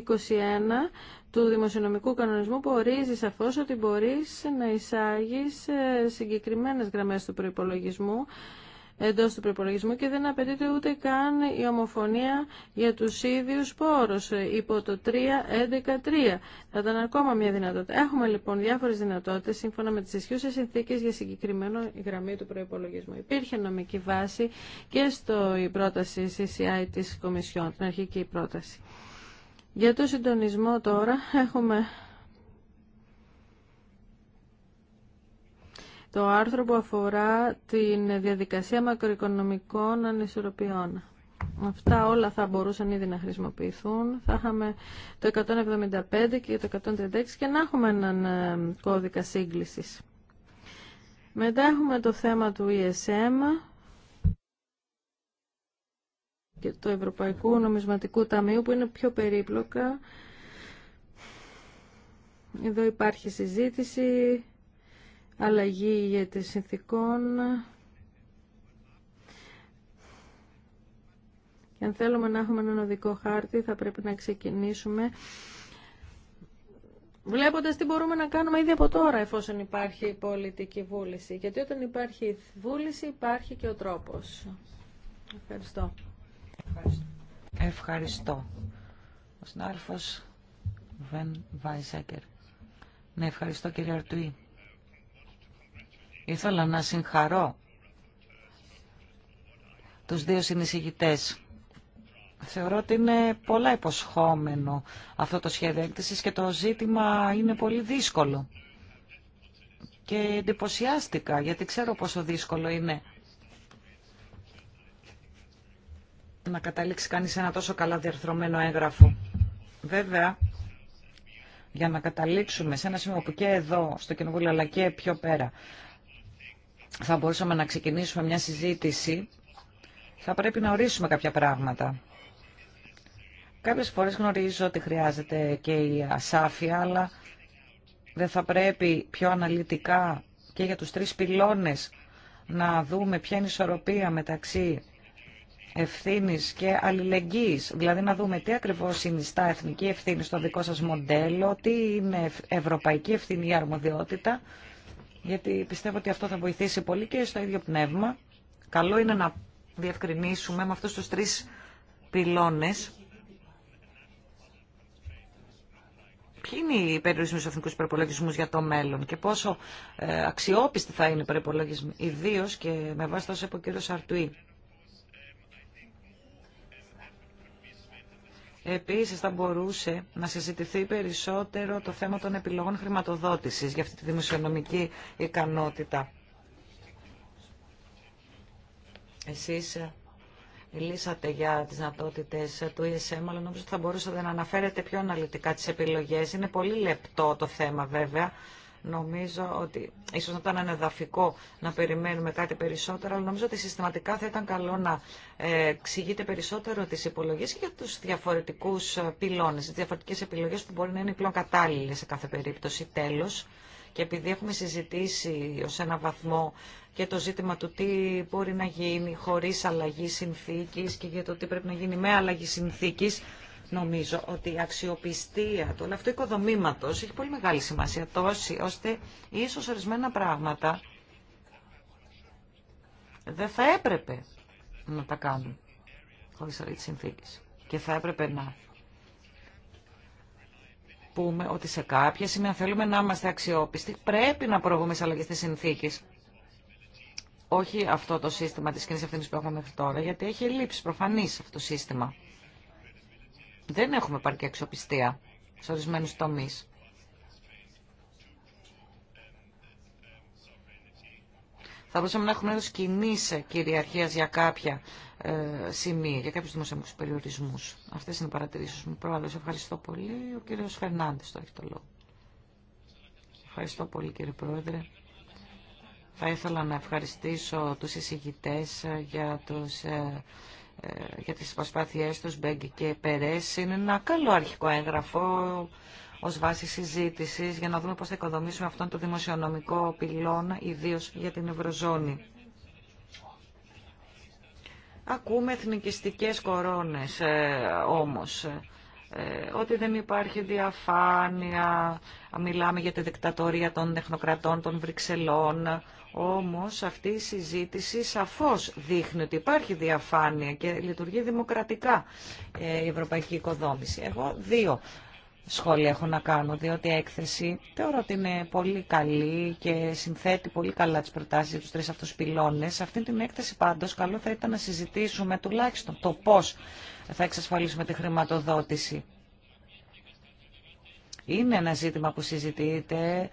του δημοσιονομικού κανονισμού που ορίζει σαφώς ότι μπορείς να εισάγεις ε, συγκεκριμένες γραμμές του προϋπολογισμού εντός του προπολογισμού και δεν απαιτείται ούτε καν η ομοφωνία για τους ίδιους πόρους ε, υπό το 3.11.3. Θα ήταν ακόμα μια δυνατότητα. Έχουμε λοιπόν διάφορες δυνατότητες σύμφωνα με τις ισχύουσες συνθήκες για συγκεκριμένο γραμμή του προπολογισμού. Υπήρχε νομική βάση και στο η πρόταση CCI της Κομισιόν, την αρχική πρόταση. Για το συντονισμό τώρα έχουμε το άρθρο που αφορά την διαδικασία μακροοικονομικών ανισορροπιών. Αυτά όλα θα μπορούσαν ήδη να χρησιμοποιηθούν. Θα είχαμε το 175 και το 136 και να έχουμε έναν ε, κώδικα σύγκλησης. Μετά έχουμε το θέμα του ESM και του Ευρωπαϊκού Νομισματικού Ταμείου που είναι πιο περίπλοκα. Εδώ υπάρχει συζήτηση αλλαγή για τις συνθήκων. Και αν θέλουμε να έχουμε έναν οδικό χάρτη θα πρέπει να ξεκινήσουμε βλέποντας τι μπορούμε να κάνουμε ήδη από τώρα εφόσον υπάρχει πολιτική βούληση. Γιατί όταν υπάρχει βούληση υπάρχει και ο τρόπος. Ευχαριστώ. Ευχαριστώ. Ο συνάδελφο Βεν Βάιζέκερ. Ναι, ευχαριστώ κύριε Αρτουή. Ήθελα να συγχαρώ τους δύο συνεισηγητές. Θεωρώ ότι είναι πολλά υποσχόμενο αυτό το σχέδιο έκτησης και το ζήτημα είναι πολύ δύσκολο. Και εντυπωσιάστηκα, γιατί ξέρω πόσο δύσκολο είναι να καταλήξει κανείς ένα τόσο καλά διαρθρωμένο έγγραφο. Βέβαια, για να καταλήξουμε σε ένα σημείο που και εδώ, στο Κοινοβούλιο, αλλά και πιο πέρα, θα μπορούσαμε να ξεκινήσουμε μια συζήτηση, θα πρέπει να ορίσουμε κάποια πράγματα. Κάποιες φορές γνωρίζω ότι χρειάζεται και η ασάφεια, αλλά δεν θα πρέπει πιο αναλυτικά και για τους τρεις πυλώνες να δούμε ποια είναι η ισορροπία μεταξύ ευθύνης και αλληλεγγύης. Δηλαδή να δούμε τι ακριβώς συνιστά εθνική ευθύνη στο δικό σας μοντέλο, τι είναι ευρωπαϊκή ευθύνη ή αρμοδιότητα γιατί πιστεύω ότι αυτό θα βοηθήσει πολύ και στο ίδιο πνεύμα. Καλό είναι να διευκρινίσουμε με αυτούς τους τρεις πυλώνες ποιοι είναι οι περιορισμοί στους εθνικούς για το μέλλον και πόσο ε, αξιόπιστοι θα είναι οι προπολογισμοί, ιδίως και με βάση τόσο είπε ο Επίσης θα μπορούσε να συζητηθεί περισσότερο το θέμα των επιλογών χρηματοδότησης για αυτή τη δημοσιονομική ικανότητα. Εσείς ε, μιλήσατε για τις δυνατότητε του ESM, αλλά νομίζω ότι θα μπορούσατε να αναφέρετε πιο αναλυτικά τις επιλογές. Είναι πολύ λεπτό το θέμα βέβαια Νομίζω ότι ίσω να ήταν ανεδαφικό να περιμένουμε κάτι περισσότερο, αλλά νομίζω ότι συστηματικά θα ήταν καλό να ε, εξηγείτε περισσότερο τι υπολογίε και για του διαφορετικού ε, πυλώνε, τι διαφορετικέ επιλογέ που μπορεί να είναι πλέον κατάλληλε σε κάθε περίπτωση. Τέλο, και επειδή έχουμε συζητήσει ω ένα βαθμό και το ζήτημα του τι μπορεί να γίνει χωρί αλλαγή συνθήκη και για το τι πρέπει να γίνει με αλλαγή συνθήκη, νομίζω ότι η αξιοπιστία του όλου αυτού οικοδομήματος έχει πολύ μεγάλη σημασία τόση, ώστε ίσως ορισμένα πράγματα δεν θα έπρεπε να τα κάνουν χωρίς αυτή τη συνθήκη. Και θα έπρεπε να πούμε ότι σε κάποια σημεία θέλουμε να είμαστε αξιόπιστοι, πρέπει να προβούμε σε αλλαγές της συνθήκης. Όχι αυτό το σύστημα της κοινής ευθύνης που έχουμε μέχρι τώρα, γιατί έχει λείψει προφανής αυτό το σύστημα. Δεν έχουμε πάρκει αξιοπιστία σε ορισμένου τομεί. Θα μπορούσαμε να έχουμε έδωση κοινή κυριαρχία για κάποια ε, σημεία, για κάποιου δημοσιονομικού περιορισμού. Αυτέ είναι οι παρατηρήσει μου. Πρόεδρε, ευχαριστώ πολύ. Ο κύριο Φερνάνδη το έχει το λόγο. Ευχαριστώ πολύ, κύριε Πρόεδρε. Θα ήθελα να ευχαριστήσω τους εισηγητές για τους ε, για τις προσπάθειές τους Μπέγκη και Περές είναι ένα καλό αρχικό έγγραφο ως βάση συζήτησης για να δούμε πώς θα οικοδομήσουμε αυτόν τον δημοσιονομικό πυλώνα ιδίως για την Ευρωζώνη. Ακούμε εθνικιστικές κορώνες ε, όμως ε, ότι δεν υπάρχει διαφάνεια, μιλάμε για τη δικτατορία των τεχνοκρατών των Βρυξελών, όμως αυτή η συζήτηση σαφώς δείχνει ότι υπάρχει διαφάνεια και λειτουργεί δημοκρατικά ε, η ευρωπαϊκή οικοδόμηση. Εγώ δύο σχόλια έχω να κάνω, διότι η έκθεση θεωρώ ότι είναι πολύ καλή και συνθέτει πολύ καλά τις προτάσεις για τους τρεις αυτούς πυλώνες. Σε αυτή την έκθεση πάντως καλό θα ήταν να συζητήσουμε τουλάχιστον το πώς θα εξασφαλίσουμε τη χρηματοδότηση. Είναι ένα ζήτημα που συζητείται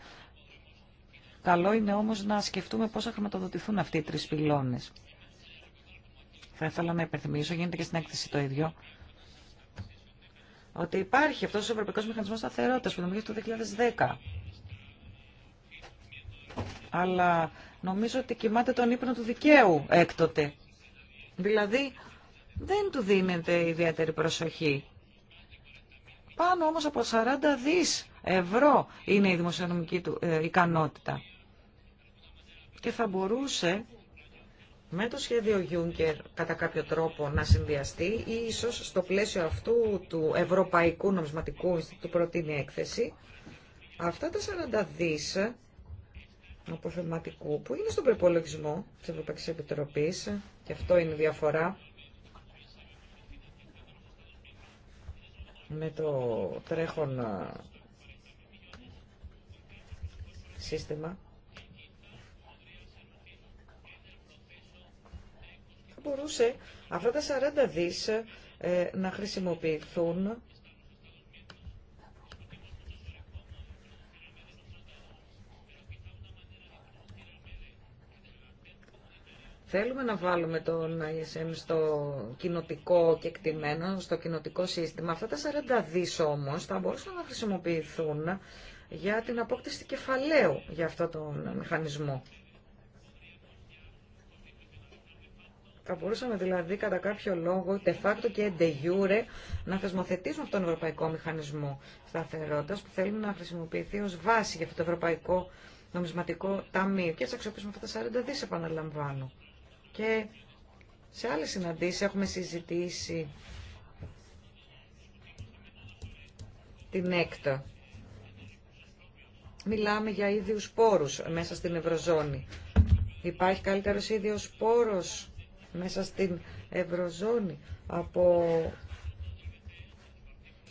Καλό είναι όμως να σκεφτούμε πώς θα χρηματοδοτηθούν αυτοί οι τρεις πυλώνες. Θα ήθελα να υπενθυμίσω, γίνεται και στην έκθεση το ίδιο, ότι υπάρχει αυτός ο Ευρωπαϊκός Μηχανισμός Σταθερότητας που δημιουργήθηκε το 2010. Αλλά νομίζω ότι κοιμάται τον ύπνο του δικαίου έκτοτε. Δηλαδή δεν του δίνεται ιδιαίτερη προσοχή. Πάνω όμως από 40 δις ευρώ είναι η δημοσιονομική του ε, ικανότητα και θα μπορούσε με το σχέδιο Juncker κατά κάποιο τρόπο να συνδυαστεί ή ίσως στο πλαίσιο αυτού του Ευρωπαϊκού Νομισματικού Ινστιτούτου προτείνει έκθεση αυτά τα 40 δις αποθεματικού που είναι στον προπολογισμό της Ευρωπαϊκής Επιτροπής και αυτό είναι η διαφορά με το τρέχον ε, σύστημα μπορούσε αυτά τα 40 δις ε, να χρησιμοποιηθούν Θέλουμε να βάλουμε τον ISM στο κοινοτικό και εκτιμενο στο κοινοτικό σύστημα. Αυτά τα 40 δις όμως θα μπορούσαν να χρησιμοποιηθούν για την απόκτηση κεφαλαίου για αυτό τον μηχανισμό. Θα μπορούσαμε δηλαδή κατά κάποιο λόγο, de facto και de jure, να θεσμοθετήσουμε αυτόν τον Ευρωπαϊκό Μηχανισμό Σταθερότητα που θέλουμε να χρησιμοποιηθεί ω βάση για αυτό το Ευρωπαϊκό Νομισματικό Ταμείο. Και έτσι αξιοποιήσουμε αυτά τα 40 δι, επαναλαμβάνω. Και σε άλλε συναντήσει έχουμε συζητήσει την έκτα. Μιλάμε για ίδιους πόρους μέσα στην Ευρωζώνη. Υπάρχει καλύτερος ίδιος πόρος μέσα στην Ευρωζώνη από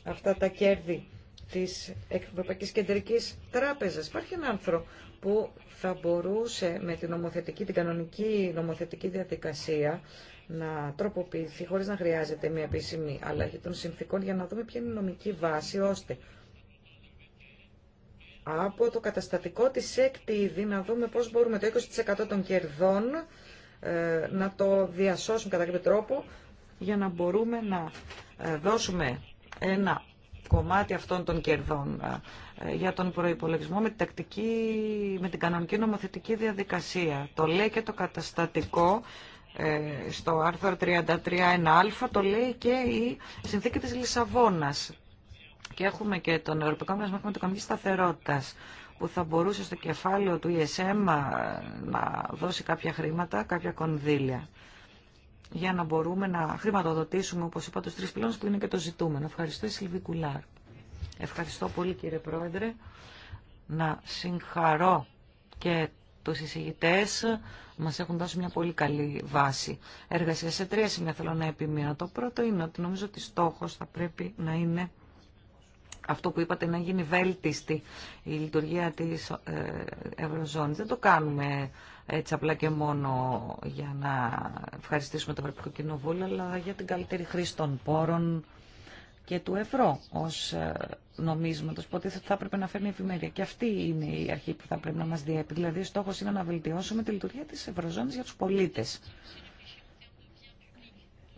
αυτά τα κέρδη της Ευρωπαϊκής Κεντρικής Τράπεζας. Υπάρχει ένα άνθρωπο που θα μπορούσε με την, νομοθετική, την κανονική νομοθετική διαδικασία να τροποποιηθεί χωρίς να χρειάζεται μια επίσημη αλλαγή των συνθήκων για να δούμε ποια είναι η νομική βάση ώστε από το καταστατικό της έκτη να δούμε πώς μπορούμε το 20% των κερδών ε, να το διασώσουμε κατά κάποιο τρόπο για να μπορούμε να ε, δώσουμε ένα κομμάτι αυτών των κερδών ε, για τον προϋπολογισμό με την, τακτική, με την κανονική νομοθετική διαδικασία. Το λέει και το καταστατικό στο άρθρο 33.1α, το λέει και η συνθήκη της Λισαβόνας. Και έχουμε και τον Ευρωπαϊκό Μηχανισμό Οικονομικής Σταθερότητας που θα μπορούσε στο κεφάλαιο του ESM να δώσει κάποια χρήματα, κάποια κονδύλια για να μπορούμε να χρηματοδοτήσουμε, όπως είπα, τους τρεις πυλώνες που είναι και το ζητούμενο. Ευχαριστώ, Σιλβί Κουλάρ. Ευχαριστώ πολύ, κύριε Πρόεδρε. Να συγχαρώ και τους εισηγητές μας έχουν δώσει μια πολύ καλή βάση εργασία. Σε τρία σημεία θέλω να επιμείνω. Το πρώτο είναι ότι νομίζω ότι στόχος θα πρέπει να είναι αυτό που είπατε να γίνει βέλτιστη η λειτουργία της ε, Ευρωζώνης. Δεν το κάνουμε έτσι απλά και μόνο για να ευχαριστήσουμε το Ευρωπαϊκό Κοινοβούλιο, αλλά για την καλύτερη χρήση των πόρων και του ευρώ ως ε, νομίσματος, που θα έπρεπε να φέρνει ευημερία. Και αυτή είναι η αρχή που θα πρέπει να μας διέπει. Δηλαδή, στόχος είναι να βελτιώσουμε τη λειτουργία της Ευρωζώνης για τους πολίτες.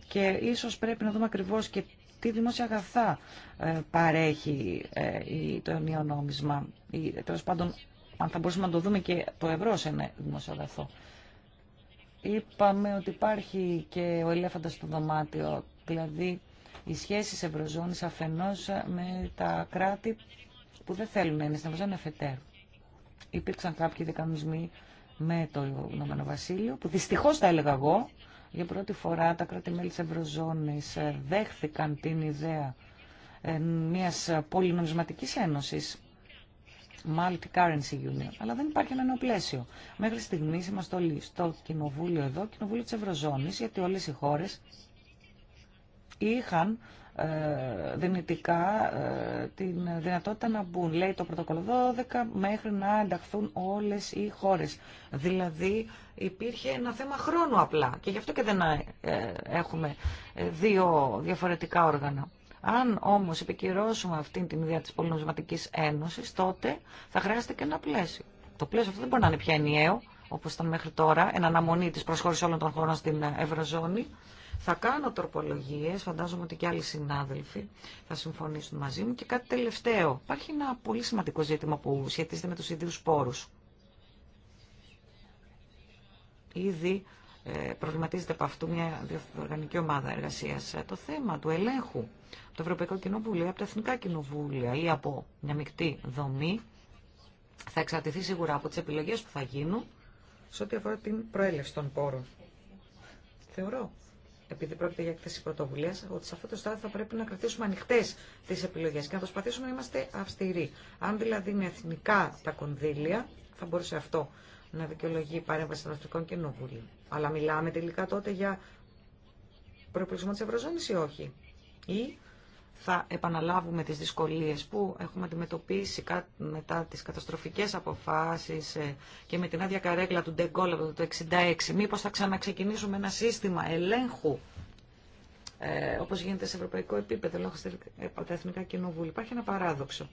Και ίσως πρέπει να δούμε ακριβώς και τι δημόσια αγαθά ε, παρέχει ε, το ενίο νόμισμα. Τέλο πάντων, αν θα μπορούσαμε να το δούμε και το ευρώ σε ένα δημόσιο αγαθό. Είπαμε ότι υπάρχει και ο ελέφαντας στο δωμάτιο, δηλαδή οι σχέσεις ευρωζώνης αφενός με τα κράτη που δεν θέλουν να είναι στην ευρωζώνη αφετέρου. Υπήρξαν κάποιοι με το Ηνωμένο Βασίλειο, που δυστυχώς τα έλεγα εγώ, για πρώτη φορά τα κράτη-μέλη της Ευρωζώνης ε, δέχθηκαν την ιδέα ε, μιας πολυνομισματικής ένωσης multi-currency union, αλλά δεν υπάρχει ένα νέο πλαίσιο. Μέχρι στιγμή είμαστε όλοι στο κοινοβούλιο εδώ, κοινοβούλιο της Ευρωζώνης, γιατί όλες οι χώρες είχαν ε, δυνητικά ε, την δυνατότητα να μπουν, λέει το πρωτοκολλο 12, μέχρι να ενταχθούν όλες οι χώρες. Δηλαδή υπήρχε ένα θέμα χρόνου απλά και γι' αυτό και δεν ε, έχουμε δύο διαφορετικά όργανα. Αν όμως επικυρώσουμε αυτή την ιδέα της Πολυνομισματικής Ένωσης, τότε θα χρειάζεται και ένα πλαίσιο. Το πλαίσιο αυτό δεν μπορεί να είναι πια ενιαίο, όπως ήταν μέχρι τώρα, εν αναμονή της προσχώρησης όλων των χωρών στην Ευρωζώνη. Θα κάνω τροπολογίες, φαντάζομαι ότι και άλλοι συνάδελφοι θα συμφωνήσουν μαζί μου. Και κάτι τελευταίο. Υπάρχει ένα πολύ σημαντικό ζήτημα που σχετίζεται με τους ίδιους πόρους. Ήδη ε, προβληματίζεται από αυτού μια διοργανική ομάδα εργασίας. Ε, το θέμα του ελέγχου από το Ευρωπαϊκό Κοινοβούλιο, από τα Εθνικά Κοινοβούλια ή από μια μεικτή δομή θα εξαρτηθεί σίγουρα από τις επιλογές που θα γίνουν σε ό,τι αφορά την προέλευση των πόρων. Θεωρώ επειδή πρόκειται για έκθεση πρωτοβουλία, ότι σε αυτό το στάδιο θα πρέπει να κρατήσουμε ανοιχτέ τι επιλογέ και να προσπαθήσουμε να είμαστε αυστηροί. Αν δηλαδή είναι εθνικά τα κονδύλια, θα μπορούσε αυτό να δικαιολογεί η παρέμβαση των Κοινοβουλίων. Αλλά μιλάμε τελικά τότε για προπολογισμό τη Ευρωζώνη ή όχι. Ή θα επαναλάβουμε τις δυσκολίες που έχουμε αντιμετωπίσει μετά τις καταστροφικές αποφάσεις ε, και με την άδεια καρέκλα του Ντεγκόλα το 1966. Μήπως θα ξαναξεκινήσουμε ένα σύστημα ελέγχου ε, όπως γίνεται σε ευρωπαϊκό επίπεδο λόγω από τα Εθνικά Κοινοβούλια. Υπάρχει ένα παράδοξο.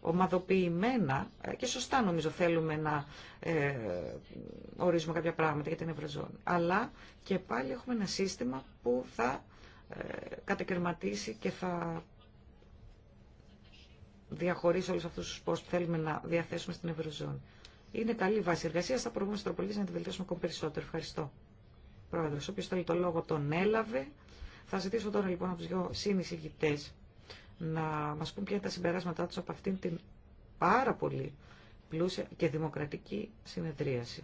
Ομαδοποιημένα ε, και σωστά νομίζω θέλουμε να ε, ορίζουμε κάποια πράγματα για την Ευρωζώνη. Αλλά και πάλι έχουμε ένα σύστημα που θα ε, κατακαιρματίσει και θα διαχωρίσει όλους αυτούς τους πόρους θέλουμε να διαθέσουμε στην Ευρωζώνη. Είναι καλή βάση εργασία. Θα προβούμε στι τροπολίε να τη βελτιώσουμε ακόμα περισσότερο. Ευχαριστώ. Πρόεδρο, όποιο θέλει το λόγο τον έλαβε. Θα ζητήσω τώρα λοιπόν από του δύο συνεισηγητέ να μα πούν ποια είναι τα συμπεράσματά του από αυτήν την πάρα πολύ πλούσια και δημοκρατική συνεδρίαση.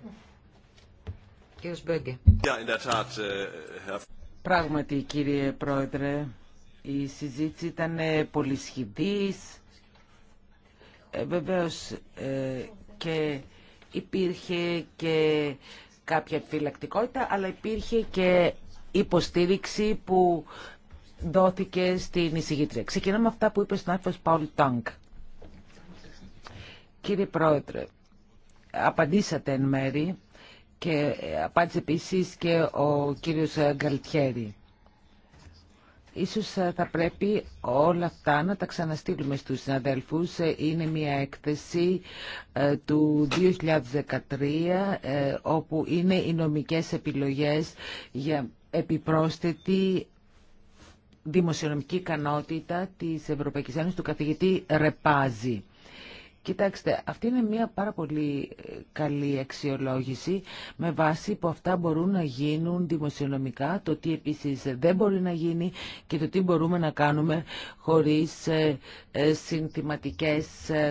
Κύριος Μπέγκε. Uh, Πράγματι, κύριε Πρόεδρε, η συζήτηση ήταν ε, πολύ Ε, βεβαίως ε, και υπήρχε και κάποια φυλακτικότητα, αλλά υπήρχε και υποστήριξη που δόθηκε στην εισηγήτρια. Ξεκινάμε με αυτά που είπε ο συνάδελφος Παουλ Τάγκ. Κύριε Πρόεδρε, απαντήσατε εν μέρη και απάντησε επίση και ο κύριος Γκαλτιέρη. Ίσως ε, θα πρέπει όλα αυτά να τα ξαναστείλουμε στους συναδέλφους. Ε, είναι μια έκθεση ε, του 2013 όπου είναι οι νομικές επιλογές για επιπρόσθετη δημοσιονομική ικανότητα της Ευρωπαϊκής Ένωσης του καθηγητή Ρεπάζη. Κοιτάξτε, αυτή είναι μια πάρα πολύ ε, καλή αξιολόγηση με βάση που αυτά μπορούν να γίνουν δημοσιονομικά, το τι επίσης δεν μπορεί να γίνει και το τι μπορούμε να κάνουμε χωρίς ε, ε, συνθηματικές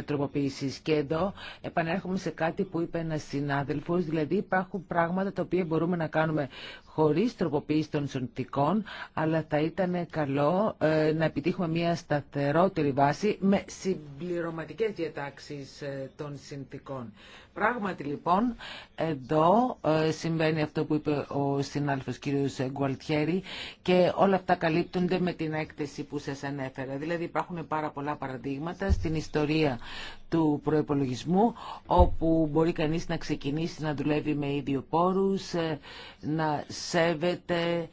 τροποποίησεις. Και εδώ επανέρχομαι σε κάτι που είπε ένας συνάδελφος, δηλαδή υπάρχουν πράγματα τα οποία μπορούμε να κάνουμε χωρίς τροποποίηση των συνοπτικών, αλλά θα ήταν καλό να επιτύχουμε μια σταθερότερη βάση με συμπληρωματικές διατάξεις. Ε, των συνθήκων. Πράγματι λοιπόν, εδώ ε, συμβαίνει αυτό που είπε ο συνάλφος κύριος Γκουαλτιέρη και όλα αυτά καλύπτονται με την έκθεση που σας ανέφερα. Δηλαδή υπάρχουν πάρα πολλά παραδείγματα στην ιστορία του προεπολογισμού, όπου μπορεί κανείς να ξεκινήσει να δουλεύει με ίδιο πόρους, ε, να σέβεται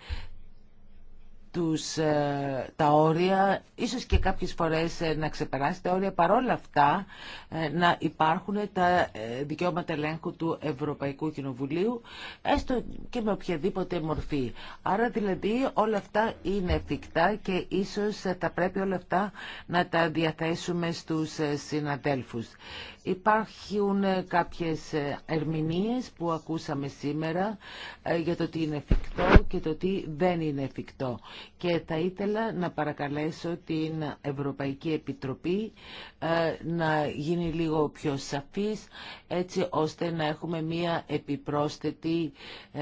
τους, ε, τα όρια, ίσως και κάποιες φορές ε, να ξεπεράσει τα όρια, παρόλα αυτά ε, να υπάρχουν τα δικαιώματα ελέγχου του Ευρωπαϊκού Κοινοβουλίου, έστω και με οποιαδήποτε μορφή. Άρα δηλαδή όλα αυτά είναι εφικτά και ίσως θα πρέπει όλα αυτά να τα διαθέσουμε στους συναδέλφους. Υπάρχουν ε, κάποιες ε, ερμηνείες που ακούσαμε σήμερα ε, για το τι είναι εφικτό και το τι δεν είναι εφικτό. Και θα ήθελα να παρακαλέσω την Ευρωπαϊκή Επιτροπή να γίνει λίγο πιο σαφής έτσι ώστε να έχουμε μία επιπρόσθετη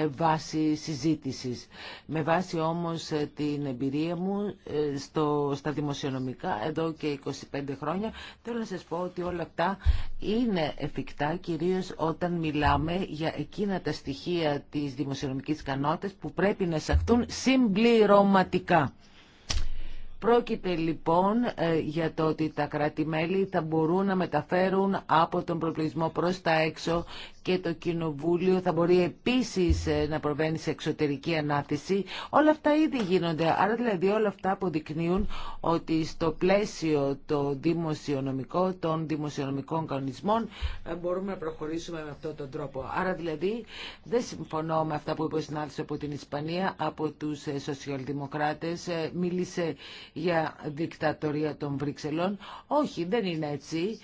βάση συζήτησης. Με βάση όμως την εμπειρία μου στο, στα δημοσιονομικά εδώ και 25 χρόνια θέλω να σας πω ότι όλα αυτά είναι εφικτά κυρίως όταν μιλάμε για εκείνα τα στοιχεία της δημοσιονομικής κανότητας που πρέπει να εισαχθούν συμπληρωματικά. Πρόκειται λοιπόν ε, για το ότι τα κράτη-μέλη θα μπορούν να μεταφέρουν από τον προπλησμό προς τα έξω και το Κοινοβούλιο θα μπορεί επίσης ε, να προβαίνει σε εξωτερική ανάθεση. Όλα αυτά ήδη γίνονται. Άρα δηλαδή όλα αυτά αποδεικνύουν ότι στο πλαίσιο το δημοσιονομικό, των δημοσιονομικών κανονισμών ε, μπορούμε να προχωρήσουμε με αυτόν τον τρόπο. Άρα δηλαδή δεν συμφωνώ με αυτά που είπε ο συνάδελφος από την Ισπανία, από τους ε, σοσιαλδημοκράτες. Μίλησε για δικτατορία των Βρυξελών. Όχι, δεν είναι έτσι.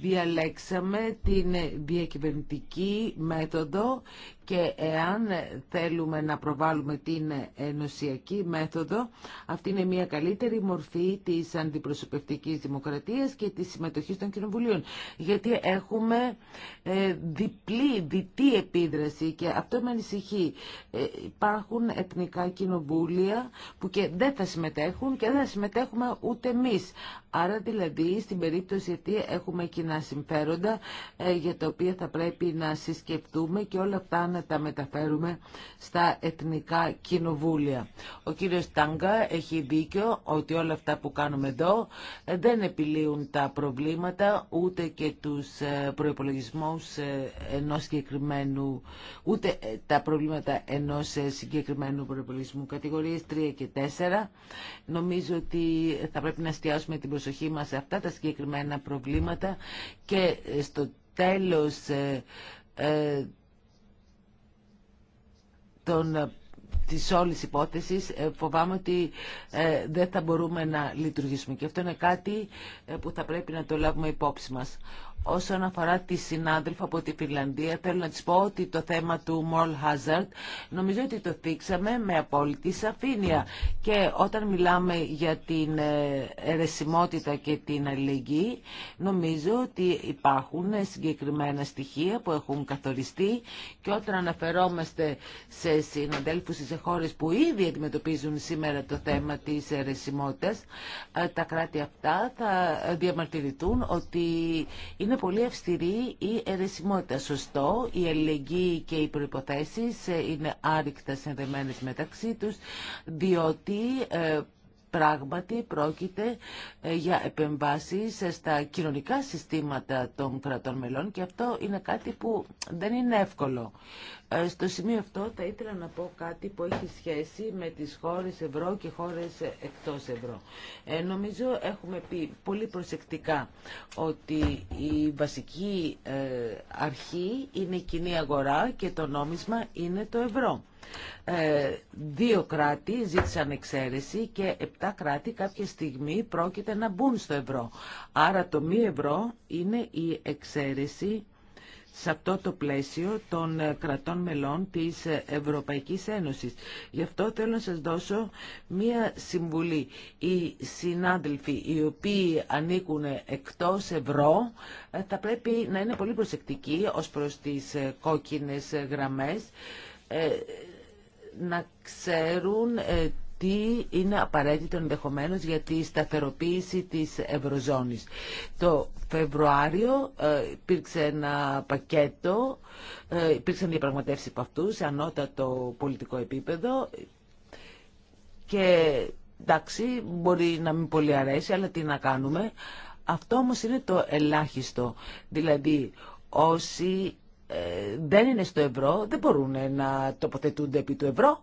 Διαλέξαμε την διακυβέρνηση κυβερνητική μέθοδο και εάν θέλουμε να προβάλλουμε την ενωσιακή μέθοδο, αυτή είναι μια καλύτερη μορφή της αντιπροσωπευτικής δημοκρατίας και της συμμετοχής των κοινοβουλίων. Γιατί έχουμε ε, διπλή, διτή επίδραση και αυτό με ανησυχεί. Ε, υπάρχουν εθνικά κοινοβούλια που και δεν θα συμμετέχουν και δεν θα συμμετέχουμε ούτε εμείς. Άρα δηλαδή στην περίπτωση αυτή έχουμε κοινά συμφέροντα ε, για τα οποία θα πρέπει να συσκεφτούμε και όλα αυτά να τα μεταφέρουμε στα εθνικά κοινοβούλια. Ο κύριος Τάγκα έχει δίκιο ότι όλα αυτά που κάνουμε εδώ δεν επιλύουν τα προβλήματα ούτε και τους ε, προϋπολογισμούς ε, ενός συγκεκριμένου, ούτε ε, τα προβλήματα ενός συγκεκριμένου προϋπολογισμού. Κατηγορίες 3 και 4 νομίζω ότι θα πρέπει να εστιάσουμε την προσοχή μας σε αυτά τα συγκεκριμένα προβλήματα και στο τέλος των, ε, της όλης υπόθεσης ε, φοβάμαι ότι ε, δεν θα μπορούμε να λειτουργήσουμε. Και αυτό είναι κάτι που θα πρέπει να το λάβουμε υπόψη μας. Όσον αφορά τη συνάδελφα από τη Φιλανδία, θέλω να της πω ότι το θέμα του moral hazard νομίζω ότι το θίξαμε με απόλυτη σαφήνεια. Και όταν μιλάμε για την ερεσιμότητα και την αλληλεγγύη, νομίζω ότι υπάρχουν συγκεκριμένα στοιχεία που έχουν καθοριστεί και όταν αναφερόμαστε σε συναδέλφους σε χώρες που ήδη αντιμετωπίζουν σήμερα το θέμα της ερεσιμότητας, ε, τα κράτη αυτά θα διαμαρτυρηθούν ότι είναι είναι πολύ αυστηρή η αιρεσιμότητα. Σωστό, η αλληλεγγύη και οι προϋποθέσεις ε, είναι άρρηκτα συνδεμένες μεταξύ τους, διότι ε, Πράγματι πρόκειται ε, για επεμβάσεις ε, στα κοινωνικά συστήματα των κρατών μελών και αυτό είναι κάτι που δεν είναι εύκολο. Ε, στο σημείο αυτό θα ήθελα να πω κάτι που έχει σχέση με τις χώρες ευρώ και χώρες εκτός ευρώ. Ε, νομίζω έχουμε πει πολύ προσεκτικά ότι η βασική αρχή είναι η κοινή αγορά και το νόμισμα είναι το ευρώ. Ε, δύο κράτη ζήτησαν εξαίρεση και επτά κράτη κάποια στιγμή πρόκειται να μπουν στο ευρώ. Άρα το μη ευρώ είναι η εξαίρεση σε αυτό το πλαίσιο των κρατών μελών της Ευρωπαϊκής Ένωσης. Γι' αυτό θέλω να σας δώσω μία συμβουλή. Οι συνάδελφοι οι οποίοι ανήκουν εκτός ευρώ ε, θα πρέπει να είναι πολύ προσεκτικοί ως προς τις ε, κόκκινες γραμμές ε, να ξέρουν ε, τι είναι απαραίτητο ενδεχομένως για τη σταθεροποίηση της Ευρωζώνης. Το Φεβρουάριο ε, υπήρξε ένα πακέτο, υπήρξαν διαπραγματεύσεις από αυτού σε ανώτατο πολιτικό επίπεδο και εντάξει μπορεί να μην πολύ αρέσει αλλά τι να κάνουμε. Αυτό όμως είναι το ελάχιστο. Δηλαδή όσοι ε, δεν είναι στο ευρώ, δεν μπορούν να τοποθετούνται επί του ευρώ,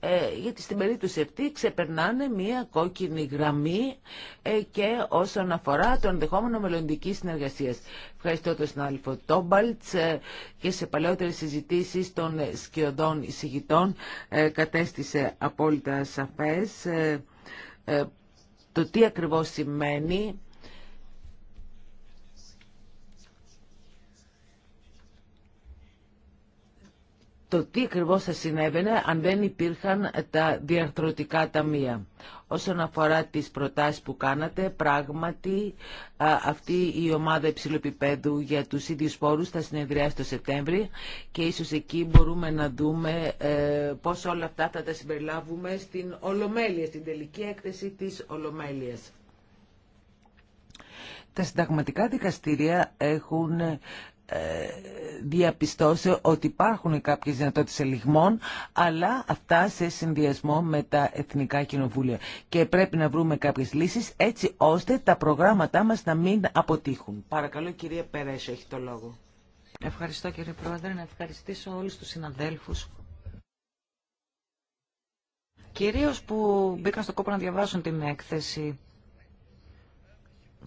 ε, γιατί στην περίπτωση αυτή ξεπερνάνε μία κόκκινη γραμμή ε, και όσον αφορά το ενδεχόμενο μελλοντική συνεργασία. Ευχαριστώ τον συνάδελφο Τόμπαλτς και σε παλαιότερε συζητήσει των σκιωδών εισηγητών κατέστησε απόλυτα σαφές το τι ακριβώς σημαίνει το τι ακριβώς θα συνέβαινε αν δεν υπήρχαν τα διαρθρωτικά ταμεία. Όσον αφορά τις προτάσεις που κάνατε, πράγματι αυτή η ομάδα υψηλοπιπέδου για τους ίδιους πόρους θα συνεδριάσει το Σεπτέμβρη και ίσως εκεί μπορούμε να δούμε ε, πώς όλα αυτά θα τα συμπεριλάβουμε στην Ολομέλεια, στην τελική έκθεση της Ολομέλειας. Τα συνταγματικά δικαστήρια έχουν ε, διαπιστώσει ότι υπάρχουν κάποιες δυνατότητες ελιγμών αλλά αυτά σε συνδυασμό με τα εθνικά κοινοβούλια και πρέπει να βρούμε κάποιες λύσεις έτσι ώστε τα προγράμματά μας να μην αποτύχουν. Παρακαλώ κυρία Περέσο έχει το λόγο. Ευχαριστώ κύριε Πρόεδρε, να ευχαριστήσω όλους τους συναδέλφους κυρίως που μπήκαν στο κόπο να διαβάσουν την έκθεση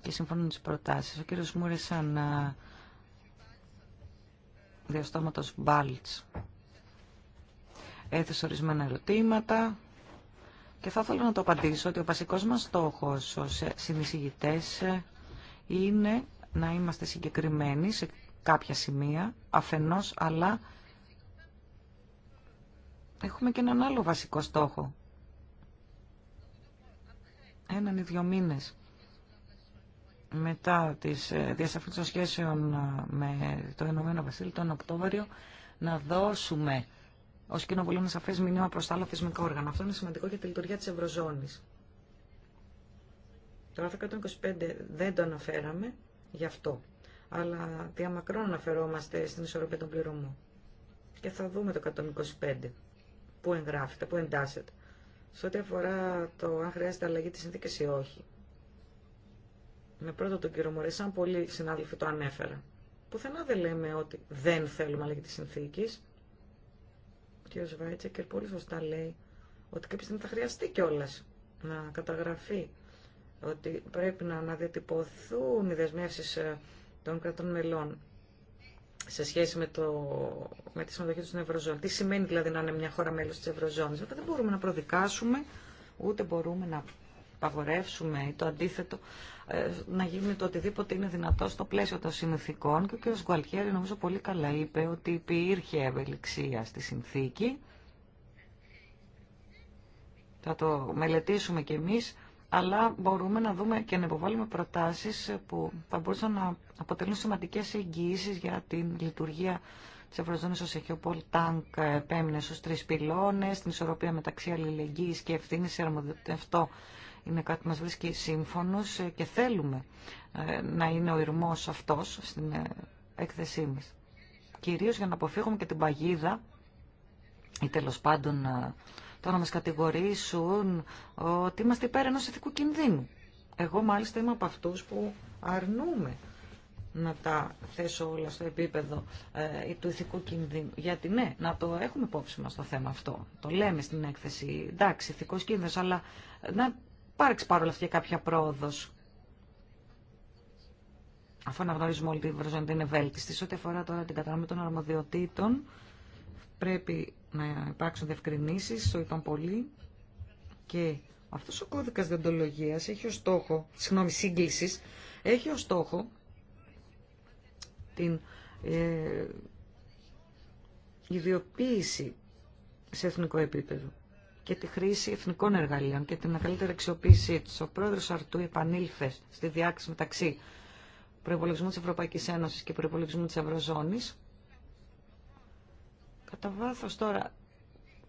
και συμφωνούν τις προτάσεις. Ο κύριος Μούρεσαν διαστόματος Μπάλτς. Έθεσε ορισμένα ερωτήματα και θα ήθελα να το απαντήσω ότι ο βασικός μας στόχος ως συνεισηγητές είναι να είμαστε συγκεκριμένοι σε κάποια σημεία αφενός, αλλά έχουμε και έναν άλλο βασικό στόχο. Έναν ή δύο μήνες μετά τις ε, διασταφές των σχέσεων ε, με το Ηνωμένο Βασίλειο τον Οκτώβριο να δώσουμε ως κοινοβουλίο ένα σαφές μηνύμα προς τα άλλα θεσμικά όργανα. Αυτό είναι σημαντικό για τη λειτουργία της Ευρωζώνης. Το άρθρο 125 δεν το αναφέραμε γι' αυτό, αλλά διαμακρόν αναφερόμαστε στην ισορροπία των πληρωμών. Και θα δούμε το 125 που εγγράφεται, που εντάσσεται. Σε ό,τι αφορά το αν χρειάζεται αλλαγή της συνθήκης ή όχι με πρώτο τον κύριο Μωρέ, σαν πολλοί συνάδελφοι το ανέφεραν. Πουθενά δεν λέμε ότι δεν θέλουμε αλλαγή τη συνθήκη. Ο κύριο Βάιτσεκερ πολύ σωστά λέει ότι κάποια στιγμή θα χρειαστεί κιόλα να καταγραφεί ότι πρέπει να αναδιατυπωθούν οι δεσμεύσει ε, των κρατών μελών σε σχέση με, το, με τη συμμετοχή του στην Ευρωζώνη. Τι σημαίνει δηλαδή να είναι μια χώρα μέλο τη Ευρωζώνη. δεν μπορούμε να προδικάσουμε, ούτε μπορούμε να παγορεύσουμε ή το αντίθετο ε, να γίνει το οτιδήποτε είναι δυνατό στο πλαίσιο των συνθήκων και ο κ. Γκουαλτιέρη νομίζω πολύ καλά είπε ότι υπήρχε ευελιξία στη συνθήκη. Θα το μελετήσουμε κι εμείς, αλλά μπορούμε να δούμε και να υποβάλουμε προτάσεις που θα μπορούσαν να αποτελούν σημαντικές εγγυήσει για την λειτουργία τη Ευρωζώνη ω Τάνκ επέμεινε στου τρει πυλώνε, την ισορροπία μεταξύ αλληλεγγύη και ευθύνη. Αυτό είναι κάτι που μας βρίσκει σύμφωνος και θέλουμε ε, να είναι ο ηρμός αυτός στην ε, έκθεσή μας. Κυρίως για να αποφύγουμε και την παγίδα ή τέλο πάντων ε, το να μας κατηγορήσουν ότι είμαστε υπέρ ενός ηθικού κινδύνου. Εγώ μάλιστα είμαι από αυτούς που αρνούμε να τα θέσω όλα στο επίπεδο του ηθικού κινδύνου. Γιατί ναι, να το έχουμε υπόψη μας το θέμα αυτό. Το λέμε στην έκθεση, εντάξει, ηθικός κίνδυνος, αλλά να υπάρξει παρόλα αυτά κάποια πρόοδο. Αφού αναγνωρίζουμε όλη τη βροζόνη είναι Σε ό,τι αφορά τώρα την κατανομή των αρμοδιοτήτων, πρέπει να υπάρξουν διευκρινήσει, το είπαν πολλοί. Και αυτό ο κώδικα διοντολογία έχει ω στόχο, συγγνώμη, σύγκληση, έχει ω στόχο την ε, ιδιοποίηση σε εθνικό επίπεδο και τη χρήση εθνικών εργαλείων και την καλύτερη αξιοποίησή του. Ο πρόεδρο Αρτού επανήλθε στη διάκριση μεταξύ προπολογισμού τη Ευρωπαϊκή Ένωση και προπολογισμού τη Ευρωζώνη. Κατά βάθο τώρα,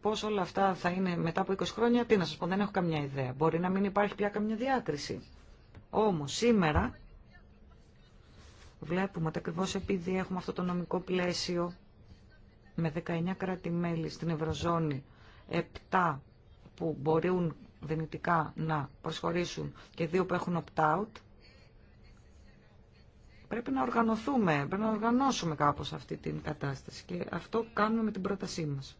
πώ όλα αυτά θα είναι μετά από 20 χρόνια, τι να σα πω, δεν έχω καμιά ιδέα. Μπορεί να μην υπάρχει πια καμιά διάκριση. Όμω σήμερα βλέπουμε ότι ακριβώ επειδή έχουμε αυτό το νομικό πλαίσιο με 19 κράτη-μέλη στην Ευρωζώνη, 7 που μπορούν δυνητικά να προσχωρήσουν και δύο που έχουν opt-out, πρέπει να οργανωθούμε, πρέπει να οργανώσουμε κάπως αυτή την κατάσταση. Και αυτό κάνουμε με την πρότασή μας.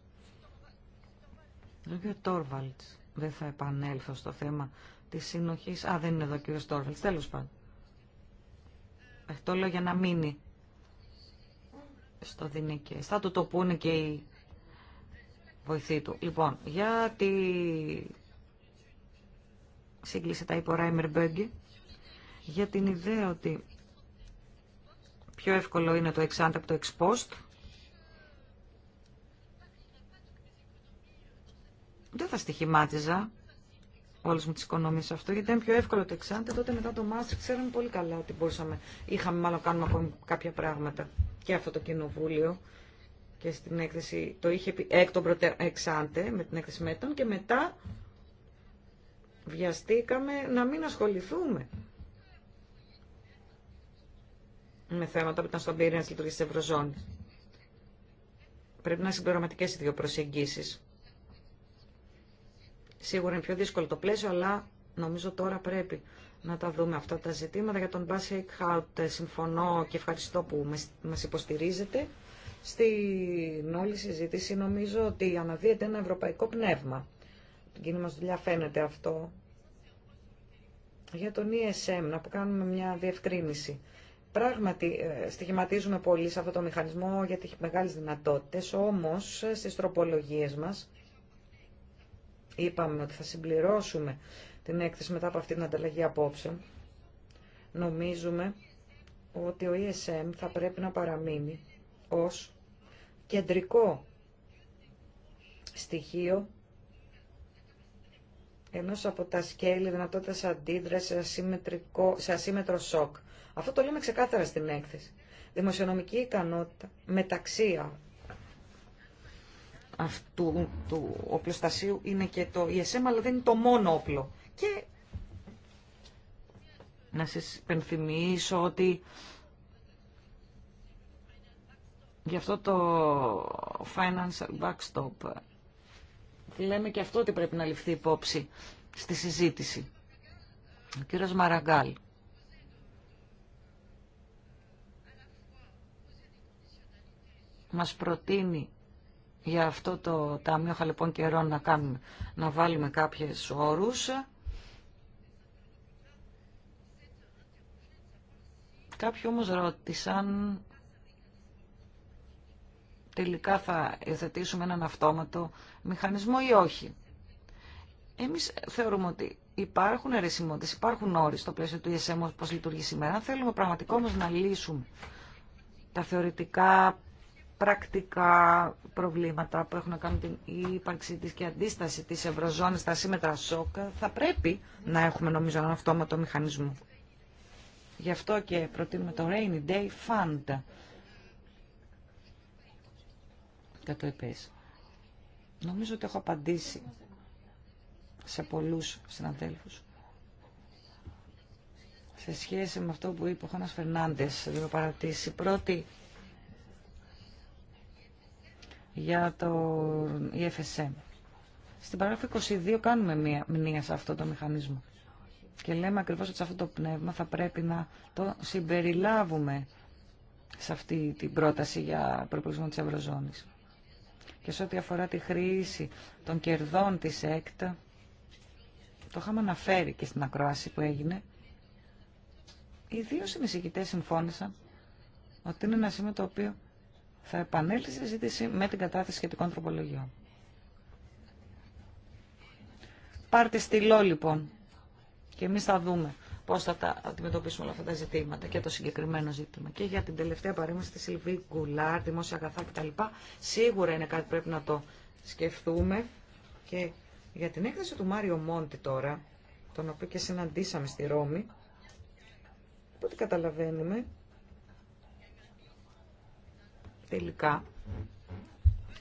Λέβαια Τόρβαλτς, δεν θα επανέλθω στο θέμα της συνοχής. Α, δεν είναι εδώ ο κύριος Τόρβαλτς, τέλος πάντων. Αυτό ε, λέω για να μείνει στο Δινίκες. Θα του το πούνε και οι βοηθή του. Λοιπόν, γιατί σύγκλησε τα είπε Μπέγκε, για την ιδέα ότι πιο εύκολο είναι το εξάντα από το εξπόστ. Δεν θα στοιχημάτιζα όλες μου τις οικονομίες αυτό, γιατί ήταν πιο εύκολο το εξάντα, τότε μετά το Μάστρ ξέραμε πολύ καλά ότι μπορούσαμε, είχαμε μάλλον κάνουμε ακόμη κάποια πράγματα και αυτό το κοινοβούλιο και στην έκθεση, το είχε πει εκ των εξάντε με την έκθεση μέτων και μετά βιαστήκαμε να μην ασχοληθούμε με θέματα που ήταν στον πυρήνα της λειτουργίας της Ευρωζώνης. Πρέπει να είναι συμπληρωματικές οι δύο προσεγγίσεις. Σίγουρα είναι πιο δύσκολο το πλαίσιο, αλλά νομίζω τώρα πρέπει να τα δούμε αυτά τα ζητήματα. Για τον Μπάσικ Χάουτ ε, συμφωνώ και ευχαριστώ που μας υποστηρίζετε. Στην όλη συζήτηση νομίζω ότι αναδύεται ένα ευρωπαϊκό πνεύμα. Την κίνημα δουλειά φαίνεται αυτό. Για τον ESM, να που κάνουμε μια διευκρίνηση. Πράγματι, ε, στοιχηματίζουμε πολύ σε αυτό το μηχανισμό γιατί έχει μεγάλες δυνατότητες, όμως ε, στις τροπολογίες μας είπαμε ότι θα συμπληρώσουμε την έκθεση μετά από αυτή την ανταλλαγή απόψεων. Νομίζουμε ότι ο ESM θα πρέπει να παραμείνει ως κεντρικό στοιχείο ενός από τα σκέλη δυνατότητας αντίδρασης σε, ασύμετρο σοκ. Αυτό το λέμε ξεκάθαρα στην έκθεση. Δημοσιονομική ικανότητα μεταξύ αυτού του οπλοστασίου είναι και το ESM, αλλά δεν είναι το μόνο όπλο. Και να σας υπενθυμίσω ότι Γι' αυτό το financial backstop λέμε και αυτό ότι πρέπει να ληφθεί υπόψη στη συζήτηση. Ο κύριος Μαραγκάλ. Μας προτείνει για αυτό το Ταμείο Χαλεπών λοιπόν Καιρών να, κάνουμε, να βάλουμε κάποιες όρους. Κάποιοι όμως ρώτησαν τελικά θα εθετήσουμε έναν αυτόματο μηχανισμό ή όχι. Εμείς θεωρούμε ότι υπάρχουν αιρεσιμότητες, υπάρχουν όροι στο πλαίσιο του ESM όπως λειτουργεί σήμερα. Αν θέλουμε πραγματικό όμως να λύσουμε τα θεωρητικά πρακτικά προβλήματα που έχουν να κάνουν την ύπαρξη της και αντίσταση της Ευρωζώνης στα σύμμετρα σοκ, θα πρέπει να έχουμε νομίζω έναν αυτόματο μηχανισμό. Γι' αυτό και προτείνουμε το Rainy Day Fund Νομίζω ότι έχω απαντήσει σε πολλούς συναδέλφους σε σχέση με αυτό που είπε ο Χάνας Φερνάντες, δύο παρατήσει. Πρώτη, για το EFSM. Στην παράγραφο 22 κάνουμε μία μνήμα σε αυτό το μηχανισμό. Και λέμε ακριβώς ότι σε αυτό το πνεύμα θα πρέπει να το συμπεριλάβουμε σε αυτή την πρόταση για προπολογισμό της Ευρωζώνης και σε ό,τι αφορά τη χρήση των κερδών της έκτα, το είχαμε αναφέρει και στην ακρόαση που έγινε, οι δύο συνεισηγητές συμφώνησαν ότι είναι ένα σημείο το οποίο θα επανέλθει στη συζήτηση με την κατάθεση σχετικών τροπολογιών. Πάρτε στυλό λοιπόν και εμείς θα δούμε Πώ θα τα αντιμετωπίσουμε όλα αυτά τα ζητήματα και το συγκεκριμένο ζήτημα. Και για την τελευταία παρέμβαση τη Σιλβί Γκουλάρ, δημόσια αγαθά κτλ. Σίγουρα είναι κάτι που πρέπει να το σκεφτούμε. Και για την έκθεση του Μάριο Μόντι τώρα, τον οποίο και συναντήσαμε στη Ρώμη, ό,τι καταλαβαίνουμε τελικά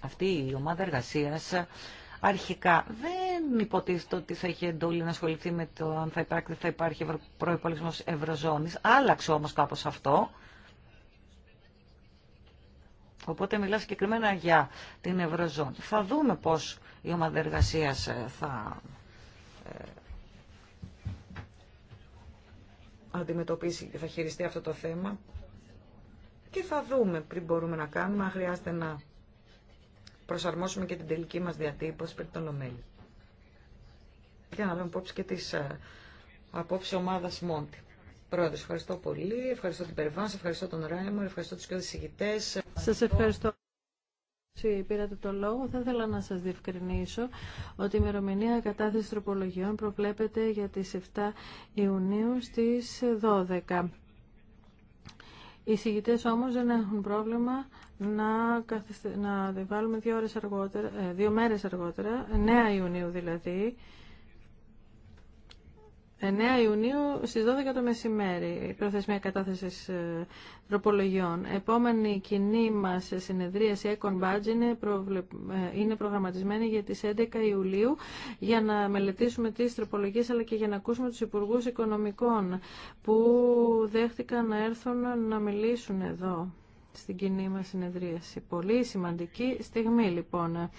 αυτή η ομάδα εργασίας αρχικά. Δεν υποτίθεται ότι θα είχε εντολή να ασχοληθεί με το αν θα υπάρχει, θα υπάρχει προπολογισμό ευρωζώνη. Άλλαξε όμω κάπω αυτό. Οπότε μιλά συγκεκριμένα για την Ευρωζώνη. Θα δούμε πώς η ομάδα εργασία ε, θα ε, αντιμετωπίσει και θα χειριστεί αυτό το θέμα και θα δούμε πριν μπορούμε να κάνουμε, αν χρειάζεται να προσαρμόσουμε και την τελική μας διατύπωση περί των Λομέλη. Για να δούμε υπόψη και τη απόψη ομάδας Μόντι. Πρόεδρος, ευχαριστώ πολύ. Ευχαριστώ την Περβάνς, ευχαριστώ τον Ράιμορ, ευχαριστώ του κοινού συγητές. Σα ευχαριστώ. Πήρατε το λόγο. Θα ήθελα να σας διευκρινίσω ότι η ημερομηνία κατάθεση τροπολογιών προβλέπεται για τις 7 Ιουνίου στις 12. Οι συγητές όμω δεν έχουν πρόβλημα να, καθιστε... να βάλουμε δύο, ώρες αργότερα, ε, δύο μέρες αργότερα, 9 Ιουνίου δηλαδή, 9 Ιουνίου στις 12 το μεσημέρι, η προθεσμία κατάθεσης ε, τροπολογιών. Επόμενη κοινή μας συνεδρίαση Econ Badge είναι, ε, προγραμματισμένη για τις 11 Ιουλίου για να μελετήσουμε τις τροπολογίες αλλά και για να ακούσουμε τους Υπουργούς Οικονομικών που δέχτηκαν να έρθουν να μιλήσουν εδώ στην κοινή μας συνεδρίαση. Πολύ σημαντική στιγμή λοιπόν.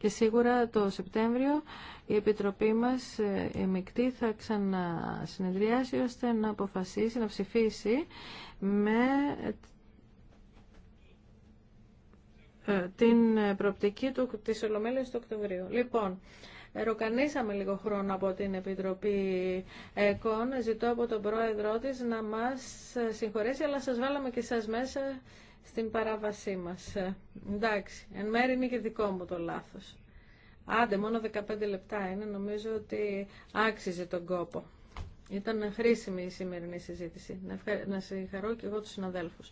Και σίγουρα το Σεπτέμβριο η Επιτροπή μας η ε, Μικτή θα ξανασυνεδριάσει ώστε να αποφασίσει, να ψηφίσει με ε, την προοπτική του, της Ολομέλειας του Οκτωβρίου. Λοιπόν, ροκανίσαμε λίγο χρόνο από την Επιτροπή ΕΚΟΝ. Ζητώ από τον πρόεδρό της να μας συγχωρέσει, αλλά σας βάλαμε και σας μέσα στην παράβασή μας. Ε, εντάξει, εν μέρει είναι και δικό μου το λάθος. Άντε, μόνο 15 λεπτά είναι, νομίζω ότι άξιζε τον κόπο. Ήταν χρήσιμη η σημερινή συζήτηση. Να συγχαρώ και εγώ τους συναδέλφους.